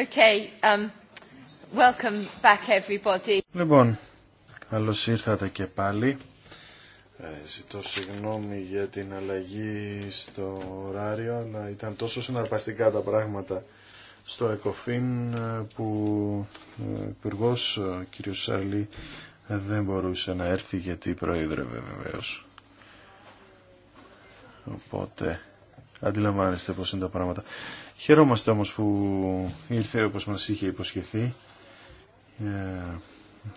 Um, λοιπόν, καλώς ήρθατε και πάλι. Ε, ζητώ συγγνώμη για την αλλαγή στο ωράριο, αλλά ήταν τόσο συναρπαστικά τα πράγματα στο ΕΚΟΦΗΝ ε, που ε, ο υπουργό κ. Σαρλή δεν μπορούσε να έρθει γιατί προείδρευε βεβαίω. Οπότε Αντιλαμβάνεστε πώς είναι τα πράγματα. Χαιρόμαστε όμως που ήρθε όπως μας είχε υποσχεθεί. Ε,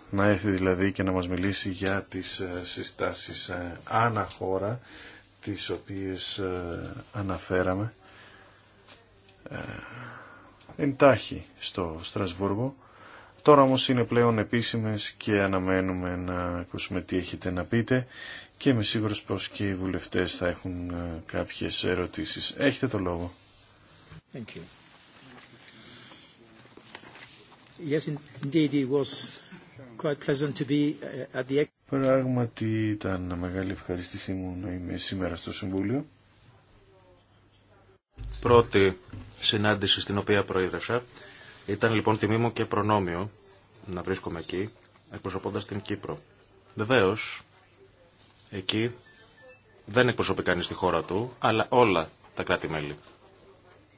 να έρθει δηλαδή και να μας μιλήσει για τις ε, συστάσεις ε, αναχώρα τις οποίες αναφέραμε εντάχει στο Στρασβούργο. Τώρα όμως είναι πλέον επίσημες και αναμένουμε να ακούσουμε τι έχετε να πείτε και είμαι σίγουρος πως και οι βουλευτέ θα έχουν ε, κάποιες ερωτήσεις. Έχετε το λόγο. Thank you. Yes, indeed, it was quite pleasant to be uh, at the... Πράγματι ήταν μεγάλη ευχαριστήση μου να είμαι σήμερα στο Συμβούλιο. Πρώτη συνάντηση στην οποία προείδρευσα ήταν λοιπόν τιμή μου και προνόμιο να βρίσκομαι εκεί εκπροσωπώντας την Κύπρο. Βεβαίως Εκεί δεν εκπροσωπεί κανείς τη χώρα του, αλλά όλα τα κράτη-μέλη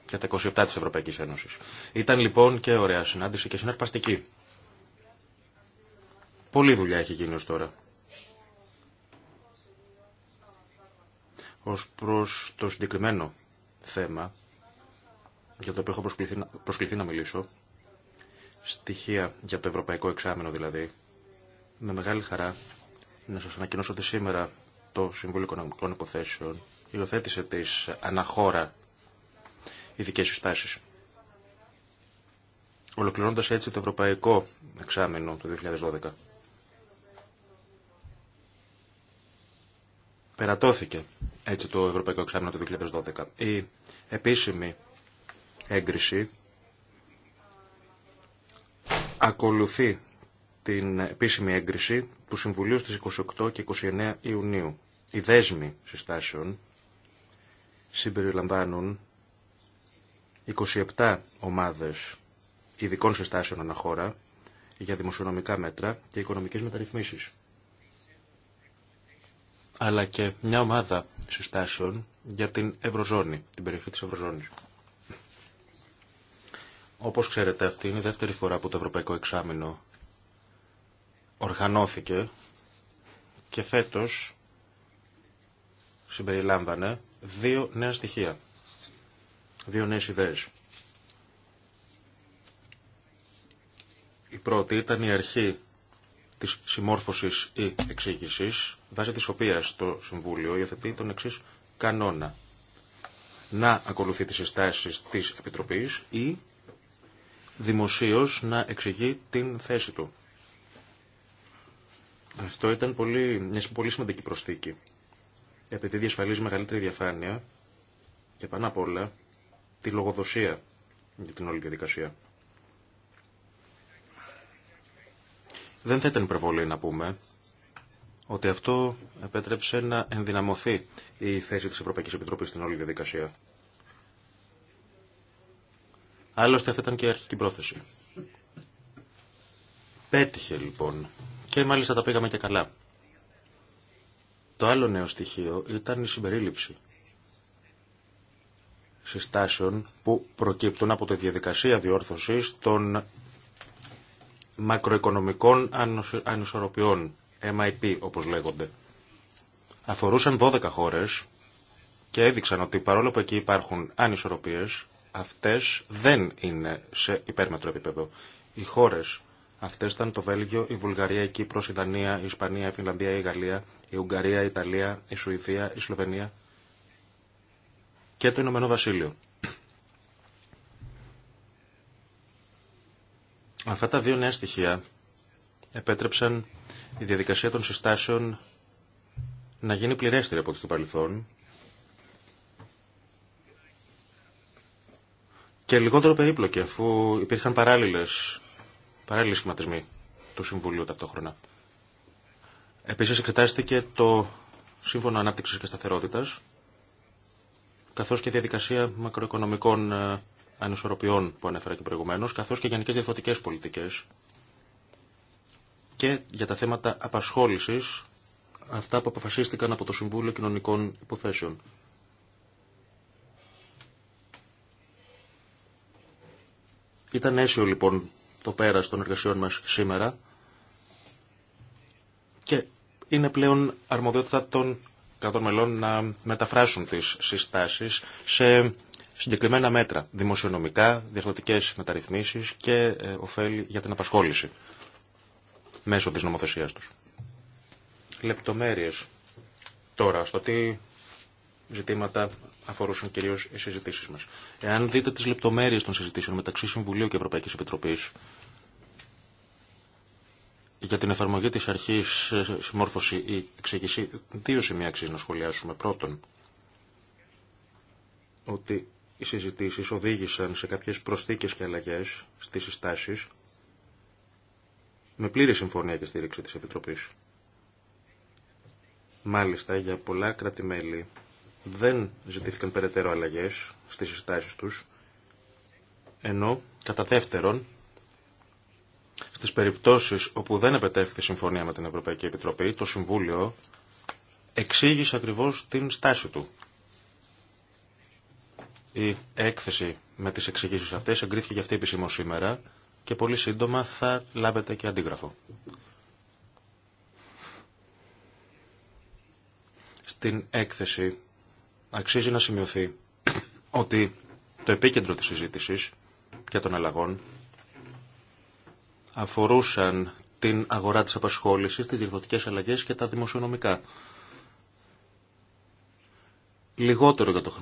και τα 27 της Ευρωπαϊκής Ένωσης. Ήταν λοιπόν και ωραία συνάντηση και συναρπαστική. Πολλή δουλειά έχει γίνει ως τώρα. Ως προς το συγκεκριμένο θέμα, για το οποίο έχω προσκληθεί να, μιλήσω, στοιχεία για το ευρωπαϊκό Εξάμενο, δηλαδή, με μεγάλη χαρά να σας ανακοινώσω ότι σήμερα το Συμβούλιο Οικονομικών Υποθέσεων υιοθέτησε τις αναχώρα ειδικές συστάσεις. Ολοκληρώνοντας έτσι το Ευρωπαϊκό Εξάμεινο του 2012. Περατώθηκε έτσι το Ευρωπαϊκό Εξάμεινο του 2012. Η επίσημη έγκριση ακολουθεί την επίσημη έγκριση του Συμβουλίου στις 28 και 29 Ιουνίου. Οι δέσμοι συστάσεων συμπεριλαμβάνουν 27 ομάδες ειδικών συστάσεων αναχώρα για δημοσιονομικά μέτρα και οικονομικές μεταρρυθμίσεις. Αλλά και μια ομάδα συστάσεων για την Ευρωζώνη, την περιοχή της Ευρωζώνης. Όπως ξέρετε, αυτή είναι η δεύτερη φορά που το Ευρωπαϊκό Εξάμεινο οργανώθηκε και φέτος συμπεριλάμβανε δύο νέα στοιχεία, δύο νέες ιδέες. Η πρώτη ήταν η αρχή της συμμόρφωσης ή εξήγησης, βάσει της οποίας το Συμβούλιο υιοθετεί τον εξής κανόνα. Να ακολουθεί τις συστάσεις της Επιτροπής ή δημοσίως να εξηγεί την θέση του. Αυτό ήταν πολύ, μια πολύ σημαντική προσθήκη. Επειδή διασφαλίζει μεγαλύτερη διαφάνεια και πάνω απ' όλα τη λογοδοσία για την όλη διαδικασία. Δεν θα ήταν υπερβολή να πούμε ότι αυτό επέτρεψε να ενδυναμωθεί η θέση της Ευρωπαϊκής Επιτροπής στην όλη διαδικασία. Άλλωστε αυτή ήταν και η αρχική πρόθεση. Πέτυχε λοιπόν και μάλιστα τα πήγαμε και καλά. Το άλλο νέο στοιχείο ήταν η συμπερίληψη συστάσεων που προκύπτουν από τη διαδικασία διόρθωσης των μακροοικονομικών ανισορροπιών, MIP όπως λέγονται. Αφορούσαν 12 χώρες και έδειξαν ότι παρόλο που εκεί υπάρχουν ανισορροπίες, αυτές δεν είναι σε υπέρμετρο επίπεδο. Οι χώρες Αυτέ ήταν το Βέλγιο, η Βουλγαρία, η Κύπρο, η Δανία, η Ισπανία, η Φινλανδία, η Γαλλία, η Ουγγαρία, η Ιταλία, η Σουηδία, η Σλοβενία και το Ηνωμένο Βασίλειο. Αυτά τα δύο νέα στοιχεία επέτρεψαν η διαδικασία των συστάσεων να γίνει πληρέστερη από ό,τι του παρελθόν και λιγότερο περίπλοκη αφού υπήρχαν παράλληλες παράλληλοι σχηματισμοί του Συμβουλίου ταυτόχρονα. Επίσης εξετάστηκε το Σύμφωνο Ανάπτυξης και Σταθερότητας, καθώς και διαδικασία μακροοικονομικών ε, ανισορροπιών που ανέφερα και προηγουμένως, καθώς και γενικές διαφορετικές πολιτικές και για τα θέματα απασχόλησης, αυτά που αποφασίστηκαν από το Συμβούλιο Κοινωνικών Υποθέσεων. Ήταν αίσιο λοιπόν το πέρας των εργασιών μας σήμερα και είναι πλέον αρμοδιότητα των κρατών μελών να μεταφράσουν τις συστάσεις σε συγκεκριμένα μέτρα, δημοσιονομικά, διαρθρωτικές μεταρρυθμίσεις και ε, ωφέλη για την απασχόληση μέσω της νομοθεσίας τους. Λεπτομέρειες τώρα στο τι ζητήματα αφορούσαν κυρίω οι συζητήσει μα. Εάν δείτε τι λεπτομέρειε των συζητήσεων μεταξύ Συμβουλίου και Ευρωπαϊκή Επιτροπή για την εφαρμογή τη αρχή ε, συμμόρφωση ή εξήγηση, δύο σημεία αξίζει να σχολιάσουμε. Πρώτον, ότι οι συζητήσει οδήγησαν σε κάποιες προσθήκε και αλλαγέ στις συστάσει με πλήρη συμφωνία και στήριξη τη Επιτροπή. Μάλιστα, για πολλά δεν ζητήθηκαν περαιτέρω αλλαγές στις συστάσεις τους, ενώ κατά δεύτερον, στις περιπτώσεις όπου δεν επετέφθη συμφωνία με την Ευρωπαϊκή Επιτροπή, το Συμβούλιο εξήγησε ακριβώς την στάση του. Η έκθεση με τις εξηγήσει αυτές εγκρίθηκε για αυτή επισήμω σήμερα και πολύ σύντομα θα λάβετε και αντίγραφο. Στην έκθεση Αξίζει να σημειωθεί ότι το επίκεντρο της συζήτησης και των αλλαγών αφορούσαν την αγορά της απασχόλησης, τις διευθυντικές αλλαγές και τα δημοσιονομικά. Λιγότερο για το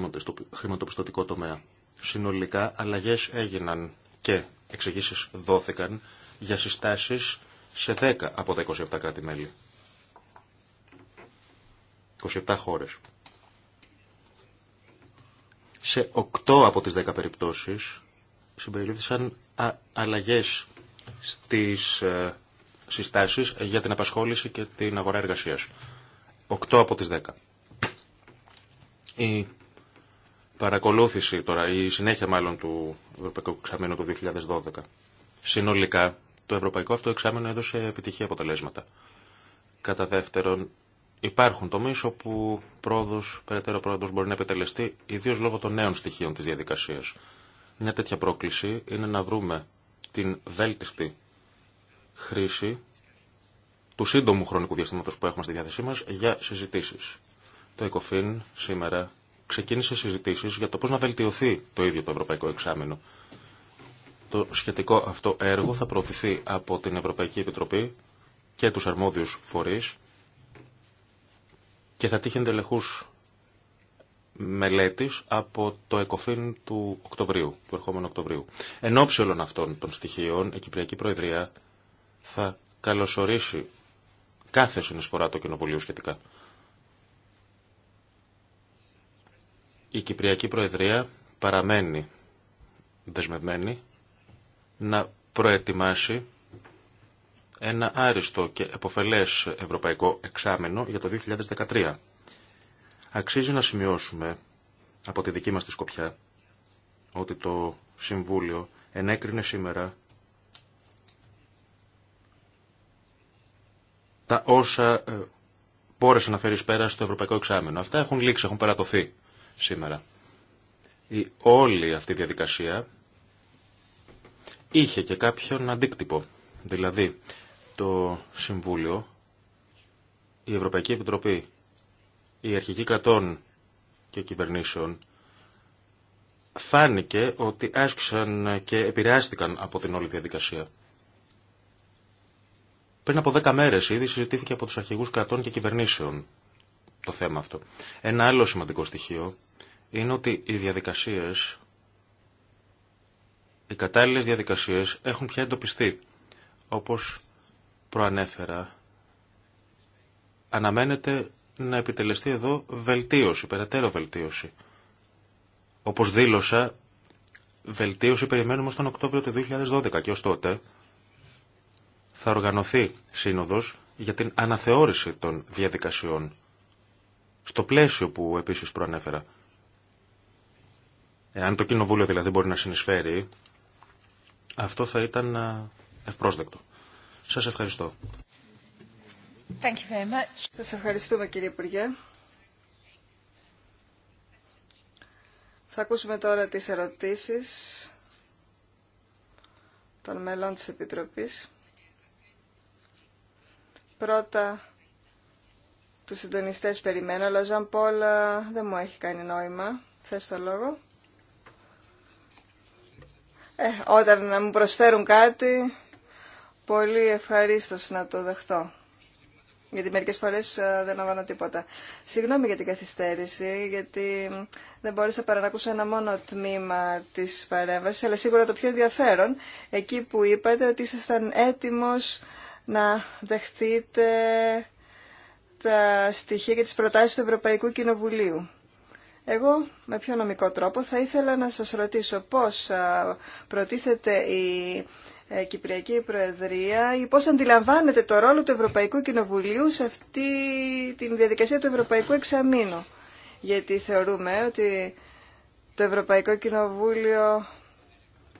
χρηματοπιστωτικό τομέα. Συνολικά αλλαγές έγιναν και εξηγήσει δόθηκαν για συστάσεις σε 10 από τα 27 κράτη-μέλη. 27 χώρες. Σε 8 από τις 10 περιπτώσεις συμπεριλήφθησαν αλλαγές στις ε, συστάσεις για την απασχόληση και την αγορά εργασίας. 8 από τις 10. Η παρακολούθηση τώρα, η συνέχεια μάλλον του Ευρωπαϊκού Εξαμήνου του 2012. Συνολικά, το Ευρωπαϊκό αυτό εξάμεινο έδωσε επιτυχή αποτελέσματα. Κατά δεύτερον, υπάρχουν τομεί όπου πρόοδο περαιτέρω πρόοδο μπορεί να επιτελεστεί, ιδίω λόγω των νέων στοιχείων τη διαδικασία. Μια τέτοια πρόκληση είναι να βρούμε την βέλτιστη χρήση του σύντομου χρονικού διαστήματος που έχουμε στη διάθεσή μας για συζητήσεις. Το ECOFIN σήμερα ξεκίνησε συζητήσεις για το πώς να βελτιωθεί το ίδιο το Ευρωπαϊκό Εξάμεινο. Το σχετικό αυτό έργο θα προωθηθεί από την Ευρωπαϊκή Επιτροπή και τους αρμόδιους φορείς και θα τύχει εντελεχούς μελέτης από το ΕΚΟΦΗΝ του Οκτωβρίου, του ερχόμενου Οκτωβρίου. Εν ώψη όλων αυτών των στοιχείων, η Κυπριακή Προεδρία θα καλωσορίσει κάθε συνεισφορά του Κοινοβουλίου σχετικά. Η Κυπριακή Προεδρία παραμένει δεσμευμένη να προετοιμάσει ένα άριστο και εποφελές ευρωπαϊκό εξάμενο για το 2013. Αξίζει να σημειώσουμε από τη δική μας τη σκοπιά ότι το Συμβούλιο ενέκρινε σήμερα τα όσα ε, μπόρεσε να φέρει πέρα στο Ευρωπαϊκό Εξάμενο. Αυτά έχουν λήξει, έχουν περατωθεί σήμερα. Η όλη αυτή διαδικασία είχε και κάποιον αντίκτυπο. Δηλαδή, το Συμβούλιο, η Ευρωπαϊκή Επιτροπή, η αρχική κρατών και κυβερνήσεων φάνηκε ότι άσκησαν και επηρεάστηκαν από την όλη διαδικασία. Πριν από δέκα μέρες ήδη συζητήθηκε από τους αρχηγούς κρατών και κυβερνήσεων το θέμα αυτό. Ένα άλλο σημαντικό στοιχείο είναι ότι οι διαδικασίες, οι κατάλληλες διαδικασίες έχουν πια εντοπιστεί, όπως προανέφερα, αναμένεται να επιτελεστεί εδώ βελτίωση, περαιτέρω βελτίωση. Όπως δήλωσα, βελτίωση περιμένουμε στον Οκτώβριο του 2012 και ως τότε θα οργανωθεί σύνοδος για την αναθεώρηση των διαδικασιών στο πλαίσιο που επίσης προανέφερα. Εάν το Κοινοβούλιο δηλαδή μπορεί να συνεισφέρει, αυτό θα ήταν ε, ευπρόσδεκτο. Σας ευχαριστώ. Thank Σας ευχαριστούμε κύριε Υπουργέ. Θα ακούσουμε τώρα τις ερωτήσεις των μελών της Επιτροπής. Πρώτα τους συντονιστές περιμένω, αλλά ε, δεν μου έχει κάνει νόημα. Θες το λόγο. Ε, όταν να μου προσφέρουν κάτι, Πολύ ευχαρίστω να το δεχτώ. Γιατί μερικές φορές ε, δεν λαμβάνω τίποτα. Συγγνώμη για την καθυστέρηση, γιατί δεν μπόρεσα παρά να ακούσω ένα μόνο τμήμα της παρέμβασης, αλλά σίγουρα το πιο ενδιαφέρον, εκεί που είπατε ότι ήσασταν έτοιμος να δεχτείτε τα στοιχεία και τις προτάσεις του Ευρωπαϊκού Κοινοβουλίου. Εγώ με πιο νομικό τρόπο θα ήθελα να σας ρωτήσω πώς ε, προτίθεται η ε, Κυπριακή Προεδρία ή πώς αντιλαμβάνεται το ρόλο του Ευρωπαϊκού Κοινοβουλίου σε αυτή τη διαδικασία του Ευρωπαϊκού Εξαμήνου. Γιατί θεωρούμε ότι το Ευρωπαϊκό Κοινοβούλιο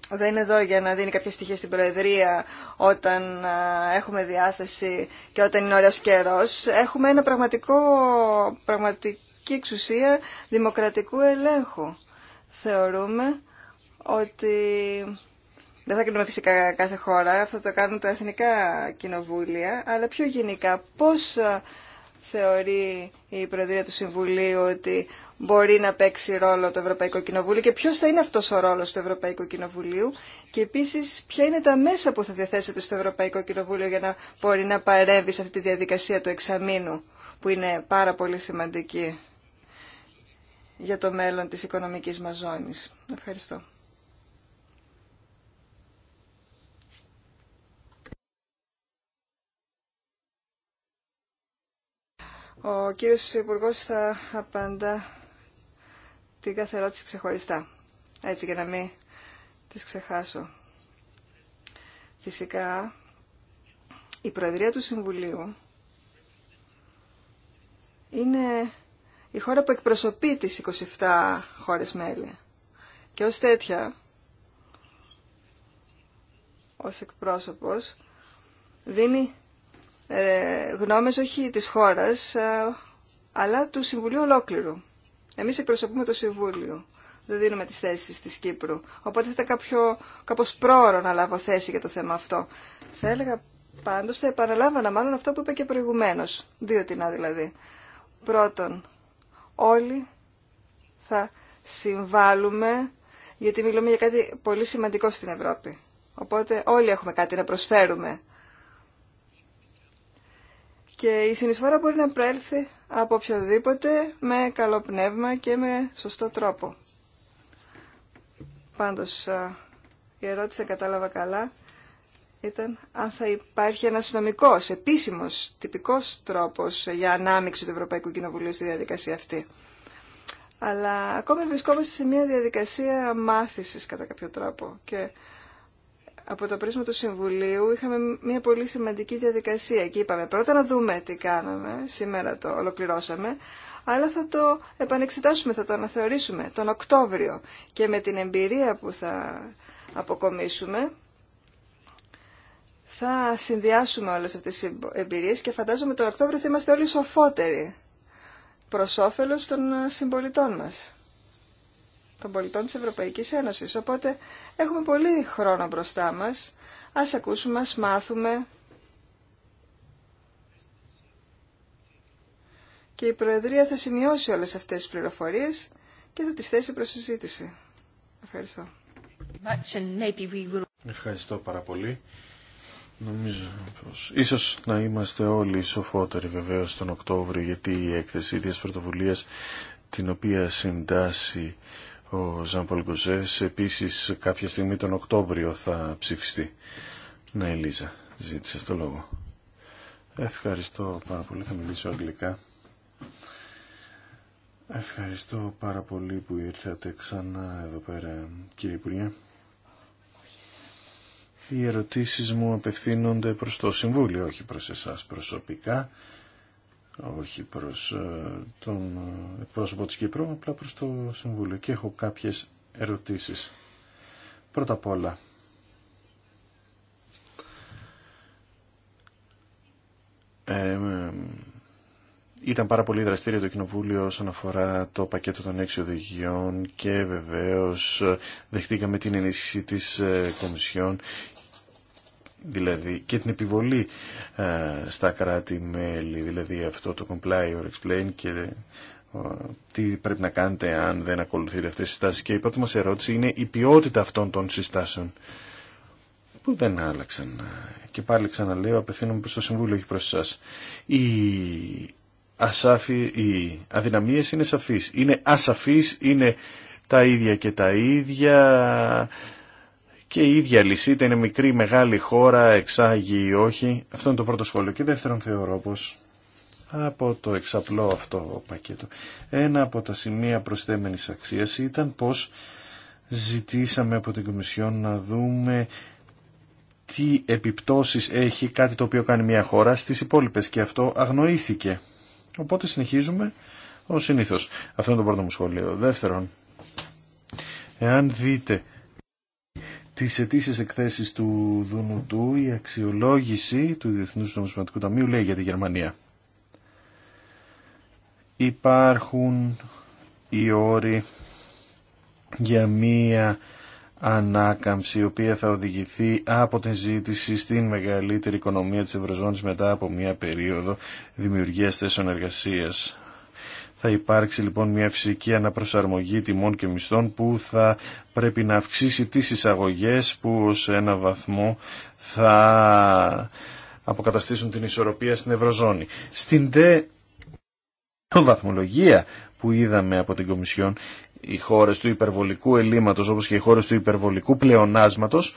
δεν είναι εδώ για να δίνει κάποια στοιχεία στην Προεδρία όταν έχουμε διάθεση και όταν είναι ωραίος καιρός. Έχουμε ένα πραγματικό, πραγματική εξουσία δημοκρατικού ελέγχου. Θεωρούμε ότι δεν θα κρίνουμε φυσικά κάθε χώρα, αυτό το κάνουν τα εθνικά κοινοβούλια, αλλά πιο γενικά πώς ε, θεωρεί η Προεδρία του Συμβουλίου ότι μπορεί να παίξει ρόλο το Ευρωπαϊκό Κοινοβούλιο και ποιος θα είναι αυτός ο ρόλος του Ευρωπαϊκού Κοινοβουλίου και επίσης ποια είναι τα μέσα που θα διαθέσετε στο Ευρωπαϊκό Κοινοβούλιο για να μπορεί να παρέμβει σε αυτή τη διαδικασία του εξαμήνου που είναι πάρα πολύ σημαντική για το μέλλον της οικονομικής μας ζώνης. Ευχαριστώ. Ο κύριος υπουργό θα απαντά την κάθε ερώτηση ξεχωριστά, έτσι για να μην τις ξεχάσω. Φυσικά, η Προεδρία του Συμβουλίου είναι η χώρα που εκπροσωπεί τις 27 χώρες μέλη. Και ως τέτοια, ως εκπρόσωπος, δίνει ε, γνώμες όχι της χώρας, ε, αλλά του Συμβουλίου ολόκληρου. Εμείς εκπροσωπούμε το Συμβούλιο. Δεν δίνουμε τις θέσεις της Κύπρου. Οπότε θα ήταν κάποιο, κάπως πρόωρο να λάβω θέση για το θέμα αυτό. Θα έλεγα πάντως, θα επαναλάβανα μάλλον αυτό που είπα και προηγουμένως. Δύο τινά δηλαδή. Πρώτον, όλοι θα συμβάλλουμε, γιατί μιλούμε για κάτι πολύ σημαντικό στην Ευρώπη. Οπότε όλοι έχουμε κάτι να προσφέρουμε και η συνεισφορά μπορεί να προέλθει από οποιοδήποτε με καλό πνεύμα και με σωστό τρόπο. Πάντως, η ερώτηση, κατάλαβα καλά, ήταν αν θα υπάρχει ένας νομικός, επίσημος, τυπικός τρόπος για ανάμειξη του Ευρωπαϊκού Κοινοβουλίου στη διαδικασία αυτή. Αλλά ακόμη βρισκόμαστε σε μια διαδικασία μάθησης κατά κάποιο τρόπο και από το πρίσμα του Συμβουλίου είχαμε μια πολύ σημαντική διαδικασία και είπαμε πρώτα να δούμε τι κάναμε, σήμερα το ολοκληρώσαμε, αλλά θα το επανεξετάσουμε, θα το αναθεωρήσουμε τον Οκτώβριο και με την εμπειρία που θα αποκομίσουμε θα συνδυάσουμε όλες αυτές τις εμπειρίες και φαντάζομαι τον Οκτώβριο θα είμαστε όλοι σοφότεροι προς όφελος των συμπολιτών μας των πολιτών της Ευρωπαϊκής Ένωσης. Οπότε έχουμε πολύ χρόνο μπροστά μας. Ας ακούσουμε, ας μάθουμε. Και η Προεδρία θα σημειώσει όλες αυτές τις πληροφορίες και θα τις θέσει προς συζήτηση. Ευχαριστώ. Ευχαριστώ πάρα πολύ. Νομίζω πως ίσως να είμαστε όλοι σοφότεροι βεβαίως τον Οκτώβριο γιατί η έκθεση της πρωτοβουλίας την οποία συντάσσει ο Ζαν επίσης κάποια στιγμή τον Οκτώβριο θα ψηφιστεί. Ναι, Ελίζα, ζήτησε το λόγο. Ευχαριστώ πάρα πολύ, θα μιλήσω αγγλικά. Ευχαριστώ πάρα πολύ που ήρθατε ξανά εδώ πέρα, κύριε Υπουργέ. Οι ερωτήσεις μου απευθύνονται προς το Συμβούλιο, όχι προς εσάς προσωπικά όχι προς ε, τον ε, εκπρόσωπο της Κύπρου, απλά προς το Συμβούλιο. Και έχω κάποιες ερωτήσεις. Πρώτα απ' όλα, ε, ήταν πάρα πολύ δραστήριο το Κοινοβούλιο όσον αφορά το πακέτο των έξι οδηγιών και βεβαίως δεχτήκαμε την ενίσχυση της Κομισιόν δηλαδή και την επιβολή ε, στα κράτη-μέλη, δηλαδή αυτό το comply or explain και ε, τι πρέπει να κάνετε αν δεν ακολουθείτε αυτές τις συστάσεις. Και η πρώτη μας ερώτηση είναι η ποιότητα αυτών των συστάσεων που δεν άλλαξαν. Και πάλι ξαναλέω, απευθύνομαι προς το Συμβούλιο, και προς εσάς. Η ασάφη, οι αδυναμίες είναι σαφείς. Είναι ασαφείς, είναι τα ίδια και τα ίδια, και η ίδια λυσίτα είναι μικρή ή μεγάλη χώρα, εξάγει ή όχι. Αυτό είναι το πρώτο σχόλιο. Και δεύτερον θεωρώ πως από το εξαπλό αυτό πακέτο ένα από τα σημεία προσθέμενης αξίας ήταν πως ζητήσαμε από την Κομισιόν να δούμε τι επιπτώσεις έχει κάτι το οποίο κάνει μια χώρα στις υπόλοιπες και αυτό αγνοήθηκε. Οπότε συνεχίζουμε ως συνήθως. Αυτό είναι το πρώτο μου σχόλιο. Δεύτερον, εάν δείτε τις αιτήσει εκθέσεις του Δουνουτού η αξιολόγηση του διεθνού Νομισματικού Ταμείου λέει για τη Γερμανία. Υπάρχουν οι όροι για μία ανάκαμψη η οποία θα οδηγηθεί από την ζήτηση στην μεγαλύτερη οικονομία της Ευρωζώνης μετά από μία περίοδο δημιουργίας θέσεων εργασίας. Θα υπάρξει λοιπόν μια φυσική αναπροσαρμογή τιμών και μισθών που θα πρέπει να αυξήσει τις εισαγωγές που σε ένα βαθμό θα αποκαταστήσουν την ισορροπία στην Ευρωζώνη. Στην δε βαθμολογία που είδαμε από την Κομισιόν οι χώρες του υπερβολικού ελλείμματος όπως και οι χώρες του υπερβολικού πλεονάσματος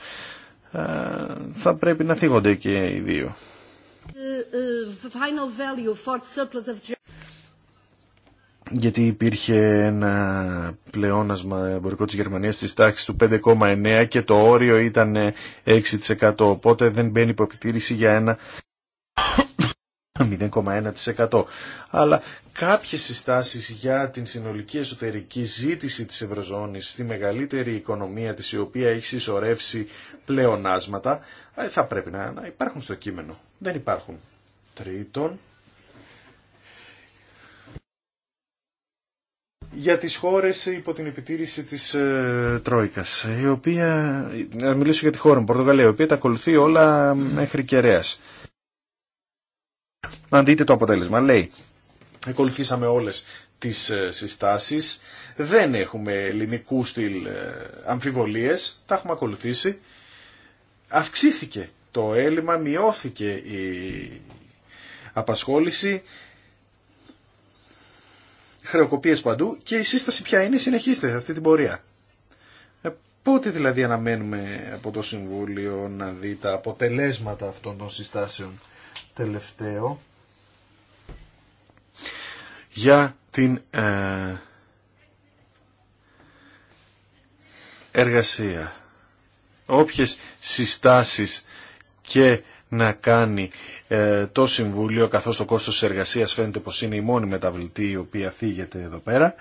ε, θα πρέπει να θίγονται και οι δύο. Ε, γιατί υπήρχε ένα πλεόνασμα εμπορικό της Γερμανίας στις τάξης του 5,9 και το όριο ήταν 6% οπότε δεν μπαίνει υποπιτήρηση για ένα 0,1% αλλά κάποιες συστάσεις για την συνολική εσωτερική ζήτηση της Ευρωζώνης στη μεγαλύτερη οικονομία της η οποία έχει συσσωρεύσει πλεονάσματα ε, θα πρέπει να υπάρχουν στο κείμενο. Δεν υπάρχουν. Τρίτον, για τις χώρες υπό την επιτήρηση της ε, Τρόικας, η οποία, να μιλήσω για τη χώρα μου, Πορτογαλία, η οποία τα ακολουθεί όλα μέχρι κεραίας. Να δείτε το αποτέλεσμα, λέει, ακολουθήσαμε όλες τις ε, συστάσεις, δεν έχουμε ελληνικού στυλ ε, αμφιβολίες, τα έχουμε ακολουθήσει, αυξήθηκε το έλλειμμα, μειώθηκε η απασχόληση, χρεοκοπίες παντού και η σύσταση ποια είναι, συνεχίστε αυτή την πορεία. Ε, πότε δηλαδή αναμένουμε από το Συμβούλιο να δει τα αποτελέσματα αυτών των συστάσεων τελευταίο για την ε, εργασία. Όποιες συστάσεις και να κάνει ε, το Συμβούλιο, καθώς το κόστος της εργασίας φαίνεται πως είναι η μόνη μεταβλητή η οποία θίγεται εδώ πέρα,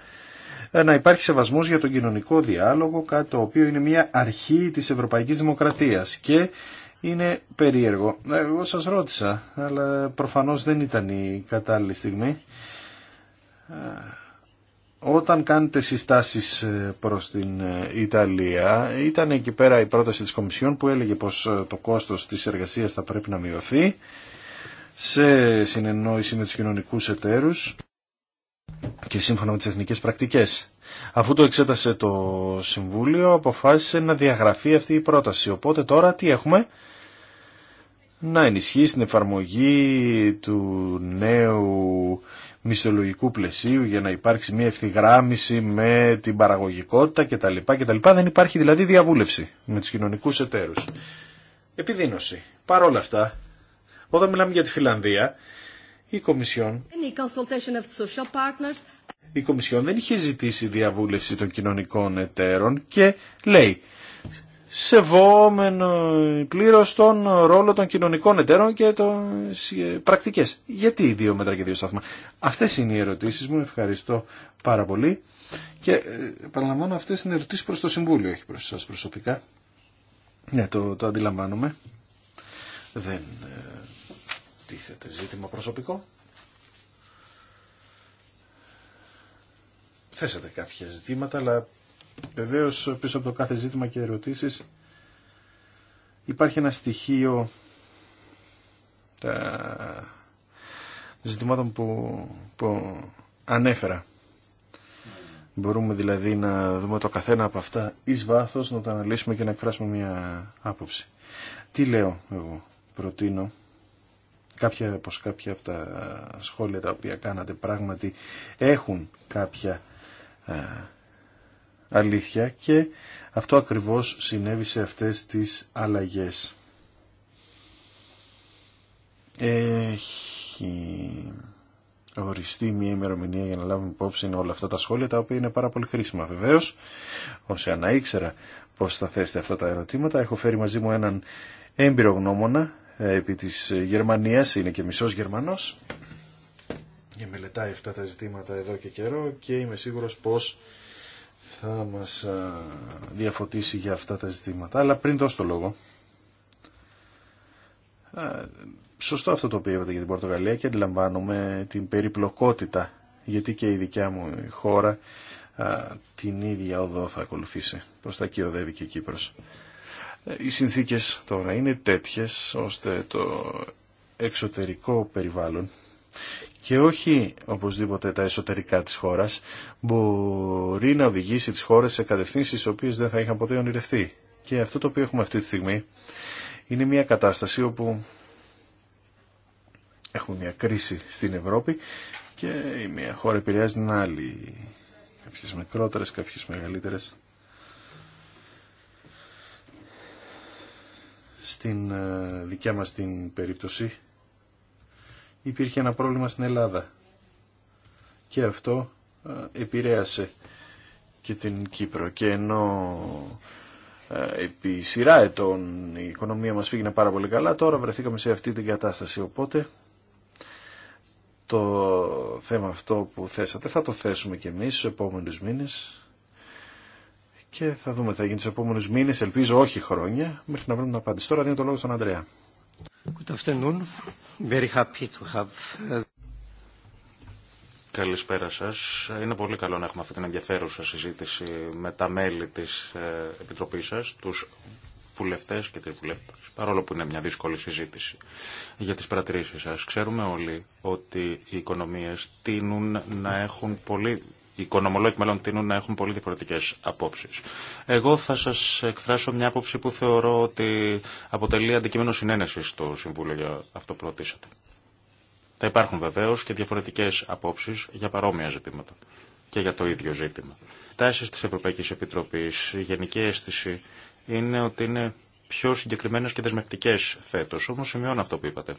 ε, να υπάρχει σεβασμός για τον κοινωνικό διάλογο, κάτι το οποίο είναι μια αρχή της Ευρωπαϊκής Δημοκρατίας και είναι περίεργο. Ε, εγώ σας ρώτησα, αλλά προφανώς δεν ήταν η κατάλληλη στιγμή. Όταν κάνετε συστάσεις προς την Ιταλία, ήταν εκεί πέρα η πρόταση της Κομισιόν που έλεγε πως το κόστος της εργασίας θα πρέπει να μειωθεί σε συνεννόηση με τους κοινωνικούς εταίρους και σύμφωνα με τις εθνικές πρακτικές. Αφού το εξέτασε το Συμβούλιο, αποφάσισε να διαγραφεί αυτή η πρόταση. Οπότε τώρα τι έχουμε? Να ενισχύσει την εφαρμογή του νέου μισθολογικού πλαισίου για να υπάρξει μια ευθυγράμμιση με την παραγωγικότητα κτλ. κτλ. Δεν υπάρχει δηλαδή διαβούλευση με τους κοινωνικούς εταίρους. Επιδείνωση. Παρ' όλα αυτά, όταν μιλάμε για τη Φιλανδία, η Κομισιόν, η Κομισιόν δεν είχε ζητήσει διαβούλευση των κοινωνικών εταίρων και λέει σεβόμενο πλήρω τον ρόλο των κοινωνικών εταίρων και των πρακτικές. Γιατί δύο μέτρα και δύο σταθμά. Αυτές είναι οι ερωτήσεις μου. Ευχαριστώ πάρα πολύ. Και ε, παραλαμβάνω αυτές είναι ερωτήσεις προς το Συμβούλιο, όχι προς σας προσωπικά. Ναι, το, το αντιλαμβάνομαι. Δεν ε, τι τίθεται ζήτημα προσωπικό. Θέσατε κάποια ζητήματα, αλλά βεβαίως πίσω από το κάθε ζήτημα και ερωτήσεις υπάρχει ένα στοιχείο ζητημάτων που, που ανέφερα. Μπορούμε δηλαδή να δούμε το καθένα από αυτά εις βάθος, να τα αναλύσουμε και να εκφράσουμε μια άποψη. Τι λέω εγώ, προτείνω κάποια, πως κάποια από τα σχόλια τα οποία κάνατε πράγματι έχουν κάποια αλήθεια και αυτό ακριβώς συνέβη σε αυτές τις αλλαγές. Έχει οριστεί μια ημερομηνία για να λάβουμε υπόψη όλα αυτά τα σχόλια τα οποία είναι πάρα πολύ χρήσιμα. Βεβαίως, όσοι να ήξερα πώς θα θέσετε αυτά τα ερωτήματα, έχω φέρει μαζί μου έναν έμπειρο γνώμονα επί της Γερμανίας, είναι και μισός Γερμανός και μελετάει αυτά τα ζητήματα εδώ και καιρό και είμαι σίγουρος πως θα μας διαφωτίσει για αυτά τα ζητήματα. Αλλά πριν δώσω το λόγο, σωστό αυτό το οποίο είπατε για την Πορτογαλία και αντιλαμβάνομαι την περιπλοκότητα γιατί και η δικιά μου χώρα την ίδια οδό θα ακολουθήσει. Προς τα εκεί οδεύει και η Κύπρος. Οι συνθήκες τώρα είναι τέτοιες ώστε το εξωτερικό περιβάλλον και όχι οπωσδήποτε τα εσωτερικά της χώρας μπορεί να οδηγήσει τις χώρες σε κατευθύνσεις οι οποίες δεν θα είχαν ποτέ ονειρευτεί. Και αυτό το οποίο έχουμε αυτή τη στιγμή είναι μια κατάσταση όπου έχουμε μια κρίση στην Ευρώπη και η μια χώρα επηρεάζει την άλλη. Κάποιες μικρότερες, κάποιες μεγαλύτερες. στην ε, δικιά μας την περίπτωση υπήρχε ένα πρόβλημα στην Ελλάδα και αυτό ε, επηρέασε και την Κύπρο και ενώ ε, επί σειρά ετών η οικονομία μας πήγαινε πάρα πολύ καλά τώρα βρεθήκαμε σε αυτή την κατάσταση οπότε το θέμα αυτό που θέσατε θα το θέσουμε και εμείς στους επόμενους μήνες και θα δούμε τι θα γίνει του επόμενου μήνε, ελπίζω όχι χρόνια, μέχρι να βρούμε την απάντηση. Τώρα δίνω το λόγο στον Αντρέα. Uh, Καλησπέρα σα. Είναι πολύ καλό να έχουμε αυτή την ενδιαφέρουσα συζήτηση με τα μέλη τη ε, Επιτροπή σα, του βουλευτέ και τι βουλευτέ, παρόλο που είναι μια δύσκολη συζήτηση για τι παρατηρήσει σα. Ξέρουμε όλοι ότι οι οικονομίε τείνουν να έχουν πολύ οι οικονομολόγοι μάλλον τείνουν να έχουν πολύ διαφορετικέ απόψει. Εγώ θα σα εκφράσω μια άποψη που θεωρώ ότι αποτελεί αντικείμενο συνένεση στο Συμβούλιο για αυτό που ρωτήσατε. Θα υπάρχουν βεβαίω και διαφορετικέ απόψει για παρόμοια ζητήματα και για το ίδιο ζήτημα. Τάσει τη Ευρωπαϊκή Επιτροπή, η γενική αίσθηση είναι ότι είναι πιο συγκεκριμένε και δεσμευτικέ φέτο. Όμω σημειώνω αυτό που είπατε.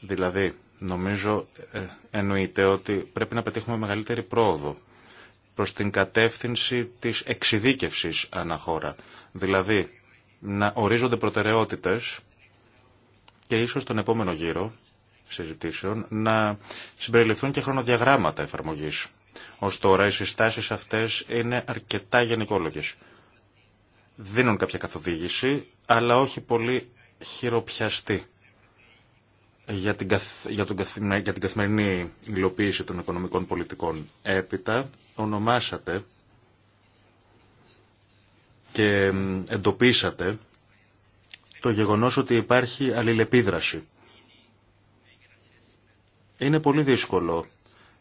Δηλαδή, νομίζω ε, εννοείται ότι πρέπει να πετύχουμε μεγαλύτερη πρόοδο προς την κατεύθυνση της εξειδίκευσης αναχώρα. Δηλαδή, να ορίζονται προτεραιότητες και ίσως τον επόμενο γύρο συζητήσεων να συμπεριληφθούν και χρονοδιαγράμματα εφαρμογής. Ως τώρα οι συστάσεις αυτές είναι αρκετά γενικόλογες. Δίνουν κάποια καθοδήγηση, αλλά όχι πολύ χειροπιαστή για την, για, τον καθημερινή, για την καθημερινή υλοποίηση των οικονομικών πολιτικών. Έπειτα ονομάσατε και εντοπίσατε το γεγονός ότι υπάρχει αλληλεπίδραση. Είναι πολύ δύσκολο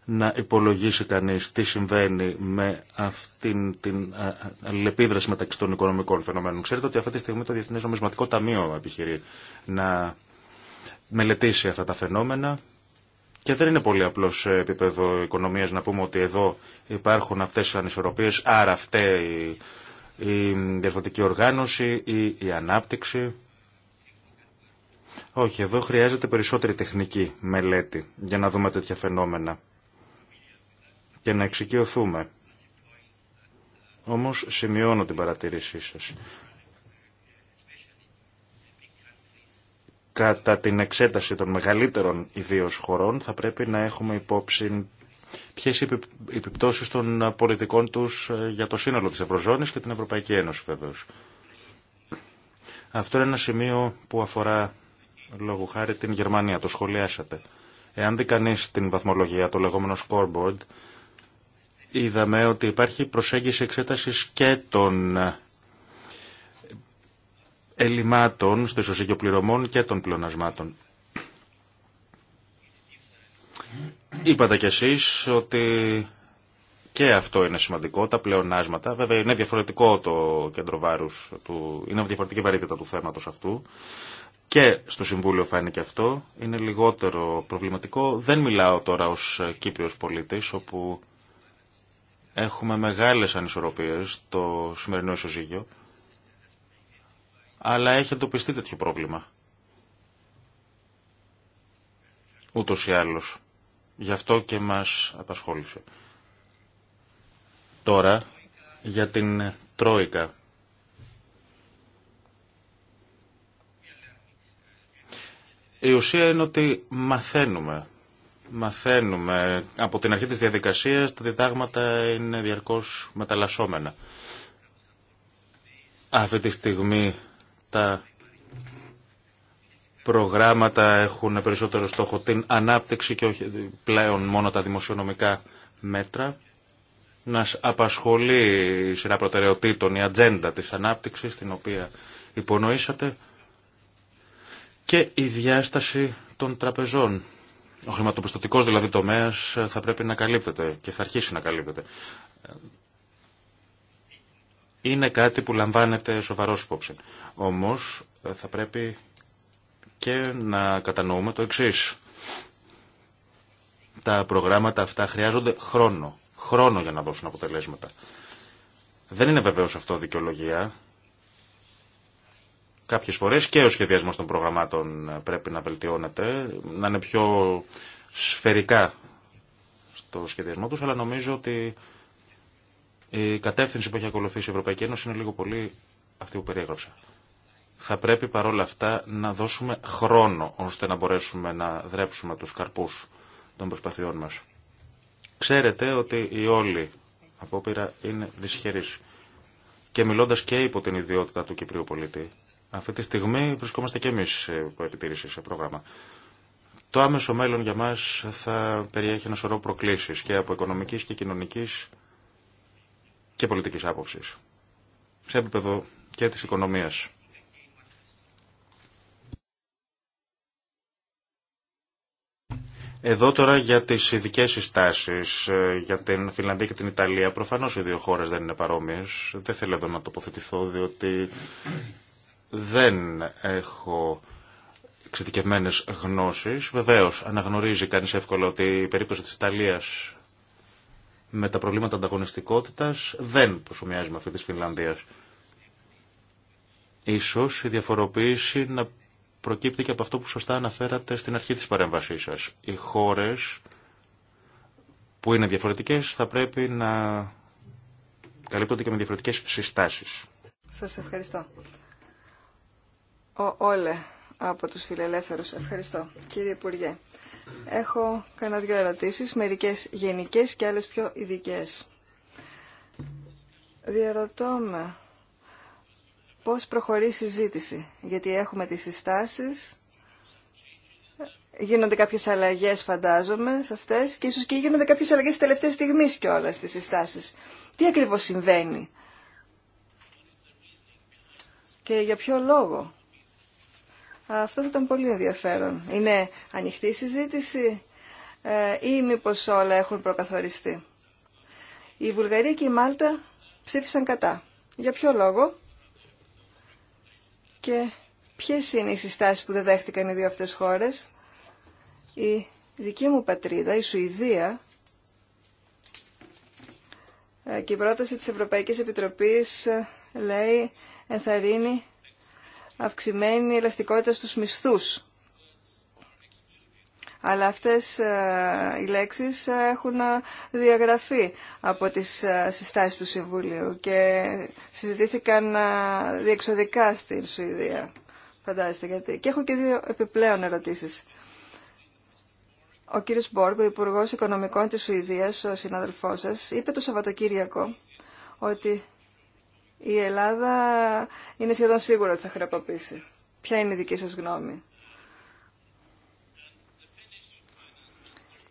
να υπολογίσει κανείς τι συμβαίνει με αυτήν την αλληλεπίδραση μεταξύ των οικονομικών φαινομένων. Ξέρετε ότι αυτή τη στιγμή το Διεθνές Νομισματικό Ταμείο επιχειρεί να μελετήσει αυτά τα φαινόμενα και δεν είναι πολύ απλό σε επίπεδο οικονομίας να πούμε ότι εδώ υπάρχουν αυτές οι ανισορροπίες, άρα αυτή η διαφορετική οργάνωση ή η ανάπτυξη. Όχι, εδώ χρειάζεται περισσότερη τεχνική μελέτη για να δούμε τέτοια φαινόμενα και να εξοικειωθούμε. Όμως σημειώνω την παρατήρησή σας. κατά την εξέταση των μεγαλύτερων ιδίως χωρών θα πρέπει να έχουμε υπόψη ποιε οι επιπτώσει των πολιτικών τους ε, για το σύνολο τη Ευρωζώνης και την Ευρωπαϊκή Ένωση βεβαίω. Αυτό είναι ένα σημείο που αφορά λόγω χάρη την Γερμανία, το σχολιάσατε. Εάν δει κανεί την βαθμολογία, το λεγόμενο scoreboard, είδαμε ότι υπάρχει προσέγγιση εξέτασης και των ελλημάτων στο ισοζύγιο πληρωμών και των πλεονασμάτων. Είπατε κι εσείς ότι και αυτό είναι σημαντικό, τα πλεονάσματα. Βέβαια είναι διαφορετικό το κέντρο βάρους, του, είναι διαφορετική βαρύτητα του θέματος αυτού. Και στο Συμβούλιο φάνηκε αυτό, είναι λιγότερο προβληματικό. Δεν μιλάω τώρα ως Κύπριος πολίτης, όπου έχουμε μεγάλες ανισορροπίες στο σημερινό ισοζύγιο αλλά έχει εντοπιστεί τέτοιο πρόβλημα. Ούτως ή άλλως. Γι' αυτό και μας απασχόλησε. Τώρα, για την Τρόικα. Η ουσία είναι ότι μαθαίνουμε. Μαθαίνουμε. Από την αρχή της διαδικασίας τα διδάγματα είναι διαρκώς μεταλλασσόμενα. Αυτή τη στιγμή τα προγράμματα έχουν περισσότερο στόχο την ανάπτυξη και όχι πλέον μόνο τα δημοσιονομικά μέτρα. Να απασχολεί η σειρά προτεραιοτήτων, η ατζέντα της ανάπτυξης, την οποία υπονοήσατε, και η διάσταση των τραπεζών. Ο χρηματοπιστωτικός δηλαδή τομέας θα πρέπει να καλύπτεται και θα αρχίσει να καλύπτεται είναι κάτι που λαμβάνεται σοβαρό υπόψη. Όμως ε, θα πρέπει και να κατανοούμε το εξής. Τα προγράμματα αυτά χρειάζονται χρόνο. Χρόνο για να δώσουν αποτελέσματα. Δεν είναι βεβαίως αυτό δικαιολογία. Κάποιες φορές και ο σχεδιασμός των προγραμμάτων πρέπει να βελτιώνεται, να είναι πιο σφαιρικά στο σχεδιασμό τους, αλλά νομίζω ότι η κατεύθυνση που έχει ακολουθήσει η Ευρωπαϊκή Ένωση είναι λίγο πολύ αυτή που περιέγραψα. Θα πρέπει παρόλα αυτά να δώσουμε χρόνο ώστε να μπορέσουμε να δρέψουμε τους καρπούς των προσπαθειών μας. Ξέρετε ότι η όλη απόπειρα είναι δυσχερής. Και μιλώντας και υπό την ιδιότητα του Κυπρίου πολίτη, αυτή τη στιγμή βρισκόμαστε και εμείς που επιτήρησε σε πρόγραμμα. Το άμεσο μέλλον για μας θα περιέχει ένα σωρό προκλήσεις και από οικονομικής και κοινωνικής και πολιτικής άποψης, σε επίπεδο και της οικονομίας. Εδώ τώρα για τις ειδικέ συστάσεις ε, για την Φιλανδία και την Ιταλία, προφανώς οι δύο χώρες δεν είναι παρόμοιες. Δεν θέλω εδώ να τοποθετηθώ, διότι δεν έχω εξειδικευμένες γνώσεις. Βεβαίως, αναγνωρίζει κανείς εύκολα ότι η περίπτωση της Ιταλίας με τα προβλήματα ανταγωνιστικότητας δεν προσωμιάζει με αυτή της Φινλανδίας. Ίσως η διαφοροποίηση να προκύπτει και από αυτό που σωστά αναφέρατε στην αρχή της παρέμβασής σας. Οι χώρες που είναι διαφορετικές θα πρέπει να καλύπτονται και με διαφορετικές συστάσεις. Σας ευχαριστώ. Ο Όλε από τους φιλελεύθερους. Ευχαριστώ. Κύριε Υπουργέ, Έχω κανένα δύο ερωτήσεις, μερικές γενικές και άλλες πιο ειδικέ. Διαρωτώ με πώς προχωρεί η συζήτηση, γιατί έχουμε τις συστάσεις, γίνονται κάποιες αλλαγές φαντάζομαι σε αυτές και ίσως και γίνονται κάποιες αλλαγές στις τελευταίες στιγμής κιόλας στις συστάσεις. Τι ακριβώς συμβαίνει και για ποιο λόγο. Αυτό θα ήταν πολύ ενδιαφέρον. Είναι ανοιχτή συζήτηση ε, ή μήπως όλα έχουν προκαθοριστεί. Η μηπω ολα εχουν προκαθοριστει η βουλγαρια και η Μάλτα ψήφισαν κατά. Για ποιο λόγο και ποιες είναι οι συστάσεις που δεν δέχτηκαν οι δύο αυτές χώρες. Η δική μου πατρίδα, η Σουηδία, ε, και η πρόταση της Ευρωπαϊκής Επιτροπής ε, λέει ενθαρρύνει αυξημένη ελαστικότητα στους μισθούς. Αλλά αυτές ε, οι λέξεις έχουν διαγραφεί από τις ε, συστάσεις του Συμβουλίου και συζητήθηκαν ε, διεξοδικά στην Σουηδία. Φαντάζεστε γιατί. Και έχω και δύο επιπλέον ερωτήσεις. Ο κύριος Μπόργκ, ο Υπουργός Οικονομικών της Σουηδίας, ο συνάδελφός σας, είπε το Σαββατοκύριακο ότι η Ελλάδα είναι σχεδόν σίγουρα ότι θα χρεοκοπήσει. Ποια είναι η δική σας γνώμη.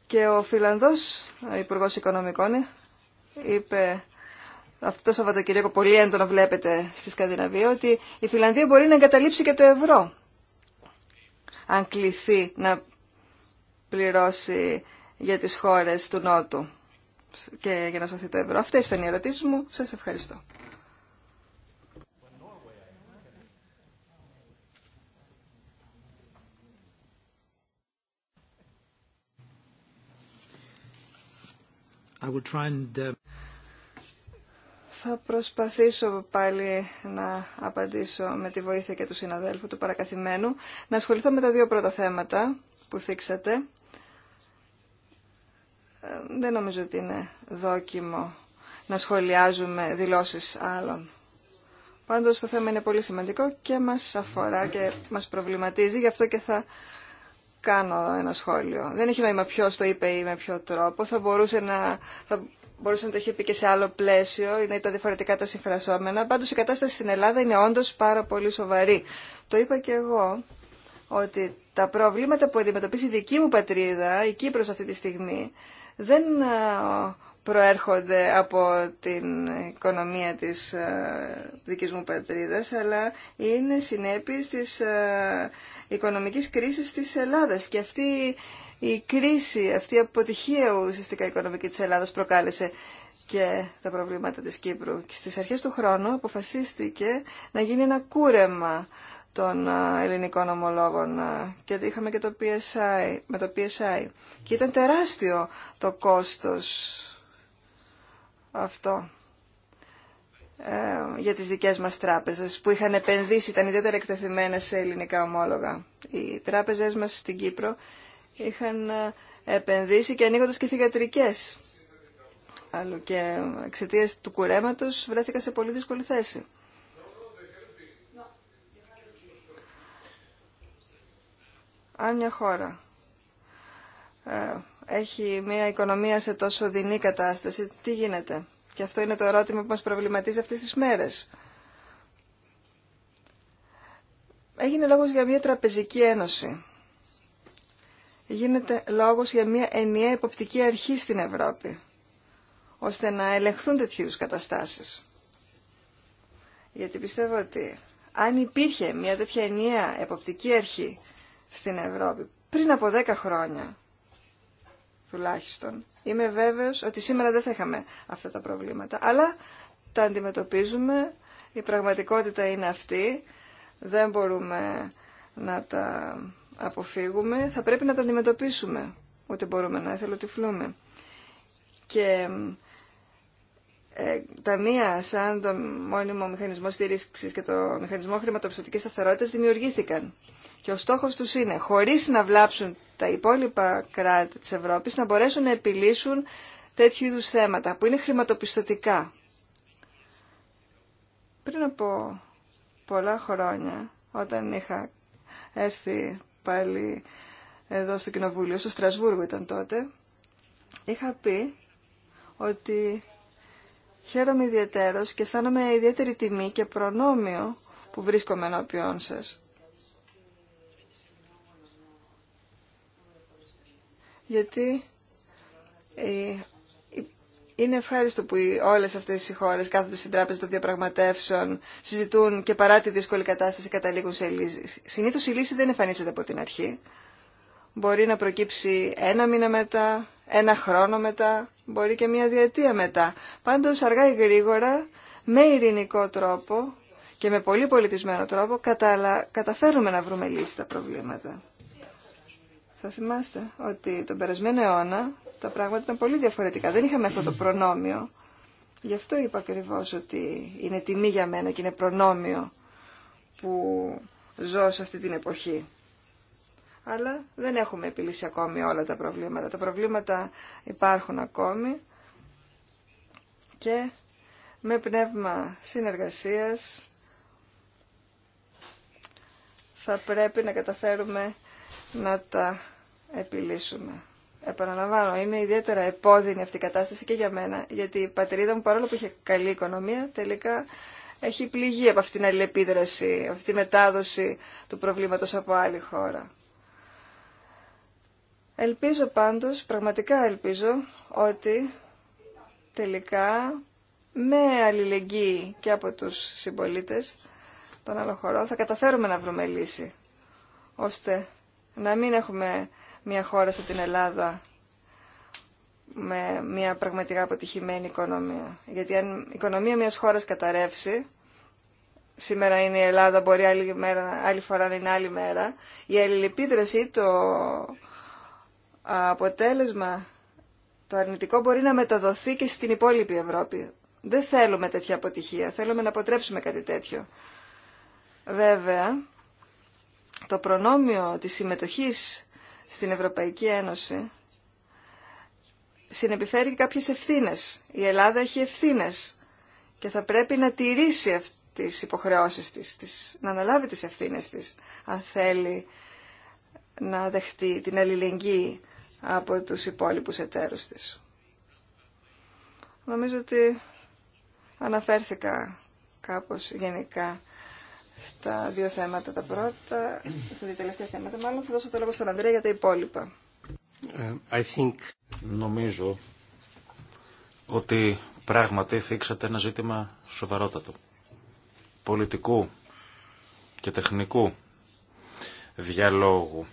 Και ο Φιλανδός ο Υπουργός Οικονομικών είπε αυτό το Σαββατοκυριακό πολύ έντονο βλέπετε στη Σκανδιναβία ότι η Φιλανδία μπορεί να εγκαταλείψει και το ευρώ αν κληθεί να πληρώσει για τις χώρες του Νότου και για να σωθεί το ευρώ. Αυτές ήταν οι ερωτήσεις μου. Σας ευχαριστώ. Uh, θα προσπαθήσω πάλι να απαντήσω με τη βοήθεια και του συναδέλφου του παρακαθημένου. Να ασχοληθώ με τα δύο πρώτα θέματα που θίξατε. Ε, δεν νομίζω ότι είναι δόκιμο να σχολιάζουμε δηλώσεις άλλων. Πάντως το θέμα είναι πολύ σημαντικό και μας αφορά και μας προβληματίζει, γι' αυτό και θα κάνω ένα σχόλιο. Δεν έχει νόημα ποιο το είπε ή με ποιο τρόπο. Θα μπορούσε να, θα μπορούσε να το είχε πει και σε άλλο πλαίσιο ή να ήταν διαφορετικά τα συμφρασόμενα. Πάντω η κατάσταση στην Ελλάδα είναι όντω πάρα πολύ σοβαρή. Το είπα και εγώ ότι τα προβλήματα που αντιμετωπίζει η δική μου πατρίδα, η Κύπρος αυτή τη στιγμή, δεν προέρχονται από την οικονομία της ε, δικής μου πατρίδας, αλλά είναι συνέπειες της ε, οικονομικής κρίσης της Ελλάδας και αυτή η κρίση, αυτή η αποτυχία ουσιαστικά η οικονομική της Ελλάδας προκάλεσε και τα προβλήματα της Κύπρου. Και στις αρχές του χρόνου αποφασίστηκε να γίνει ένα κούρεμα των ελληνικών ομολόγων και είχαμε και το PSI, με το PSI. Και ήταν τεράστιο το κόστος αυτό. Ε, για τις δικές μας τράπεζες που είχαν επενδύσει, ήταν ιδιαίτερα εκτεθειμένες σε ελληνικά ομόλογα. Οι τράπεζες μας στην Κύπρο είχαν ε, επενδύσει και ανοίγοντας και θηγατρικές. Αλλού και εξαιτία του κουρέματος βρέθηκα σε πολύ δύσκολη θέση. Αν μια χώρα ε, έχει μια οικονομία σε τόσο δεινή κατάσταση, τι γίνεται. Και αυτό είναι το ερώτημα που μας προβληματίζει αυτές τις μέρες. Έγινε λόγος για μια τραπεζική ένωση. Γίνεται λόγος για μια ενιαία υποπτική αρχή στην Ευρώπη, ώστε να ελεγχθούν τέτοιου καταστάσεις. Γιατί πιστεύω ότι αν υπήρχε μια τέτοια ενιαία εποπτική αρχή στην Ευρώπη πριν από δέκα χρόνια, τουλάχιστον. Είμαι βέβαιος ότι σήμερα δεν θα είχαμε αυτά τα προβλήματα. Αλλά τα αντιμετωπίζουμε, η πραγματικότητα είναι αυτή, δεν μπορούμε να τα αποφύγουμε, θα πρέπει να τα αντιμετωπίσουμε, ούτε μπορούμε να εθελοτυφλούμε. Και ε, μία σαν το μόνιμο μηχανισμό στήριξης και το μηχανισμό χρηματοπιστωτικής σταθερότητας δημιουργήθηκαν. Και ο στόχος τους είναι, χωρίς να βλάψουν τα υπόλοιπα κράτη της Ευρώπης να μπορέσουν να επιλύσουν τέτοιου είδους θέματα που είναι χρηματοπιστωτικά. Πριν από πολλά χρόνια, όταν είχα έρθει πάλι εδώ στο Κοινοβούλιο, στο Στρασβούργο ήταν τότε, είχα πει ότι χαίρομαι ιδιαίτερος και αισθάνομαι ιδιαίτερη τιμή και προνόμιο που βρίσκομαι ενώπιόν σας. γιατί ε, είναι ευχάριστο που όλες αυτές οι χώρες κάθονται στην τράπεζα των διαπραγματεύσεων, συζητούν και παρά τη δύσκολη κατάσταση καταλήγουν σε λύση. Συνήθως η λύση δεν εμφανίζεται από την αρχή. Μπορεί να προκύψει ένα μήνα μετά, ένα χρόνο μετά, μπορεί και μια διετία μετά. Πάντως αργά ή γρήγορα, με ειρηνικό τρόπο και με πολύ πολιτισμένο τρόπο, καταφέρουμε να βρούμε λύση στα προβλήματα. Θα θυμάστε ότι τον περασμένο αιώνα τα πράγματα ήταν πολύ διαφορετικά. Δεν είχαμε αυτό το προνόμιο. Γι' αυτό είπα ακριβώ ότι είναι τιμή για μένα και είναι προνόμιο που ζω σε αυτή την εποχή. Αλλά δεν έχουμε επιλύσει ακόμη όλα τα προβλήματα. Τα προβλήματα υπάρχουν ακόμη και με πνεύμα συνεργασίας θα πρέπει να καταφέρουμε να τα επιλύσουμε. Επαναλαμβάνω, είναι ιδιαίτερα επώδυνη αυτή η κατάσταση και για μένα, γιατί η πατρίδα μου παρόλο που είχε καλή οικονομία, τελικά έχει πληγεί από αυτήν την αλληλεπίδραση, αυτή τη μετάδοση του προβλήματος από άλλη χώρα. Ελπίζω πάντως, πραγματικά ελπίζω, ότι τελικά με αλληλεγγύη και από τους συμπολίτες των άλλων χωρών θα καταφέρουμε να βρούμε λύση, ώστε να μην έχουμε μια χώρα σαν την Ελλάδα με μια πραγματικά αποτυχημένη οικονομία. Γιατί αν η οικονομία μιας χώρας καταρρεύσει, σήμερα είναι η Ελλάδα, μπορεί άλλη, μέρα, άλλη φορά να είναι άλλη μέρα, η αλληλεπίδραση, το αποτέλεσμα, το αρνητικό μπορεί να μεταδοθεί και στην υπόλοιπη Ευρώπη. Δεν θέλουμε τέτοια αποτυχία, θέλουμε να αποτρέψουμε κάτι τέτοιο. Βέβαια, το προνόμιο της συμμετοχής στην Ευρωπαϊκή Ένωση συνεπιφέρει και κάποιες ευθύνες. Η Ελλάδα έχει ευθύνες και θα πρέπει να τηρήσει τις υποχρεώσεις της, της να αναλάβει τις ευθύνες της, αν θέλει να δεχτεί την αλληλεγγύη από τους υπόλοιπους εταίρους της. Νομίζω ότι αναφέρθηκα κάπως γενικά στα δύο θέματα. Τα πρώτα, στα δύο τελευταία θέματα, μάλλον θα δώσω το λόγο στον Ανδρέα για τα υπόλοιπα. Ε, I think... Νομίζω ότι πράγματι θίξατε ένα ζήτημα σοβαρότατο, πολιτικού και τεχνικού διαλόγου